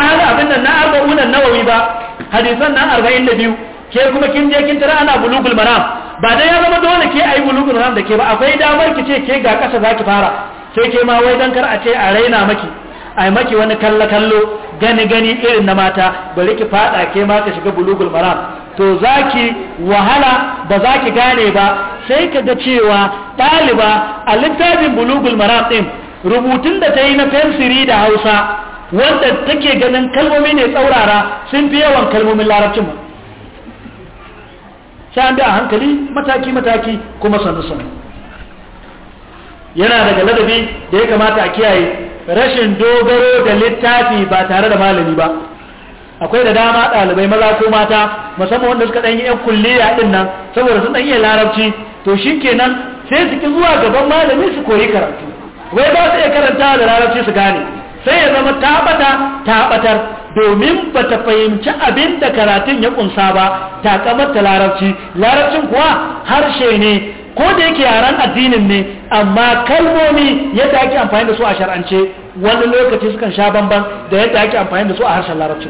ahal abin nan na arba'unan nawawi ba hadisan na arba'in da biyu ke kuma kin je kin tara ana bulugul maram ba dai ya zama dole ke ayi bulugul maram da ke ba akwai damar ki ce ke ga ƙasa za ki fara sai ke ma wai dan kar a ce a raina maki a maki wani kallo-kallo gani-gani irin na mata bari ki fada ke ma ka shiga bulugul maram to za ki wahala ba za ki gane ba sai ka ga cewa ɗaliba a littafin bulugul maram ɗin rubutun da ta yi na fensiri da hausa wanda take ganin kalmomi ne tsaurara sun fi yawan kalmomin larabcin mu sai an bi a hankali mataki-mataki kuma sannu-sannu yana daga ladabi da ya kamata a kiyaye rashin dogaro da littafi ba tare da malami ba akwai da dama ɗalibai maza ko mata musamman wanda suka ɗanyi 'yan kulliya ɗin nan saboda sun iya larabci to shi kenan sai su ki zuwa gaban malami su koyi karatu wai ba su iya karanta da larabci su gane sai ya zama taɓata taɓatar domin ba ta fahimci abin da karatun ya ƙunsa ba takamar ta larabci larabcin kuwa harshe ne ko da yake yaren addinin ne amma kalmomi yadda ake amfani da su a shar'ance wani lokaci sukan sha bamban da yadda ake amfani da su a harshen larabci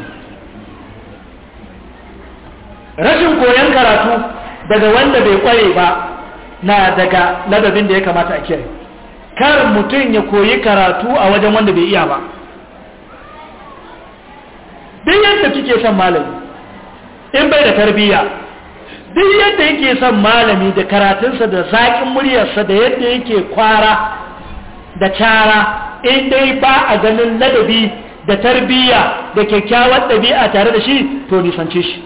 rashin koyon karatu daga wanda bai kware ba na daga ladabin da ya kamata a kiyaye kar mutum ya koyi karatu a wajen wanda bai iya ba duk yadda kike son malami in bai da tarbiyya duk yadda yake son malami da karatunsa da zaƙin muryarsa da yadda yake kwara da cara in dai ba a ganin ladabi da tarbiyya da kyakkyawar ɗabi'a tare da shi to nisance shi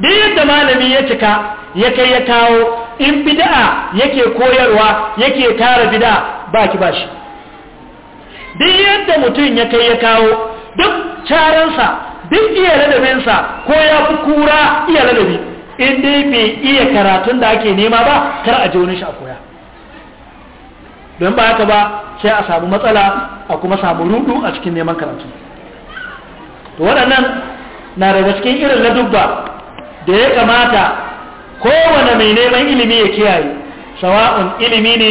duk yadda malami ya cika ya kai ya kawo in bida'a yake koyarwa yake tara bida'a ba ki ba shi duk yadda mutum ya kai ya kawo duk caransa duk iya ladabinsa ko ya fi kura iya ladabi in dai bai iya karatun da ake nema ba kar a je wani shi a koya don ba haka ba sai a samu matsala a kuma samu rudu a cikin neman karatu to waɗannan na daga cikin irin ladubba da ya kamata kowane mai neman ilimi ya kiyaye sawa'un ilimi ne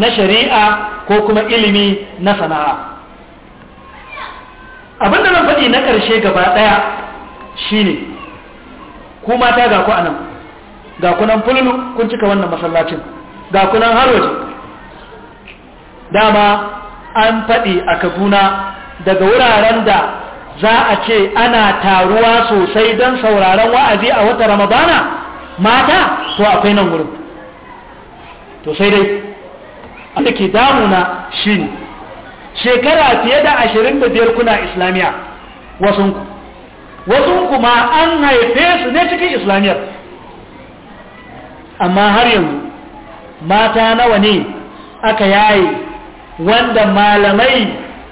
na shari'a ko kuma ilimi na sana'a abin da zan faɗi na ƙarshe gaba ɗaya shi ne. ku mata ga ku anan ga ku nan kun cika wannan masallacin ga ku nan har waje dama an faɗi a kaduna daga wuraren da za a ce ana taruwa sosai don sauraron wa'azi a wata ramadana mata to akwai nan wurin to sai dai abin da ke damuna ne. shekara fiye da ashirin da biyar kuna islamiyya wasunku wasunku ma an haife su ne cikin islamiyyar amma har yanzu mata nawa ne aka yaye wanda malamai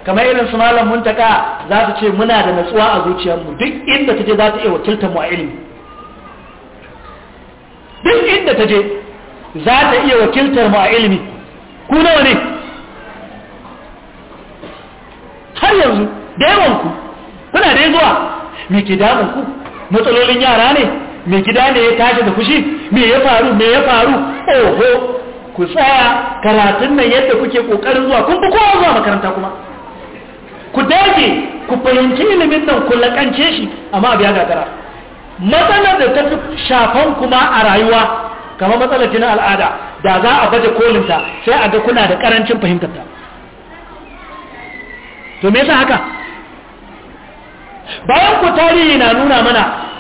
kamar irin su malam muntaka za su ce muna da natsuwa a zuciyarmu duk inda ta je za ta iya wakiltar mu a ilimi duk inda ta je za ta iya wakiltar mu a ilimi ku nawa ne har yanzu da yawan ku kuna dai zuwa me ke ku matsalolin yara ne me gida ne ya tashi da fushi me ya faru me ya faru oho ku tsaya karatun nan yadda kuke kokarin zuwa kun fi kowa zuwa makaranta kuma ku dage ku fahimci ilimin nan ku laƙance shi amma abu ya gagara matsalar da ta fi shafan kuma a rayuwa kamar matsalar jinin al'ada da za a baje kolinta sai a ga kuna da ƙarancin fahimtar ta to me yasa haka bayan ku tarihi na nuna mana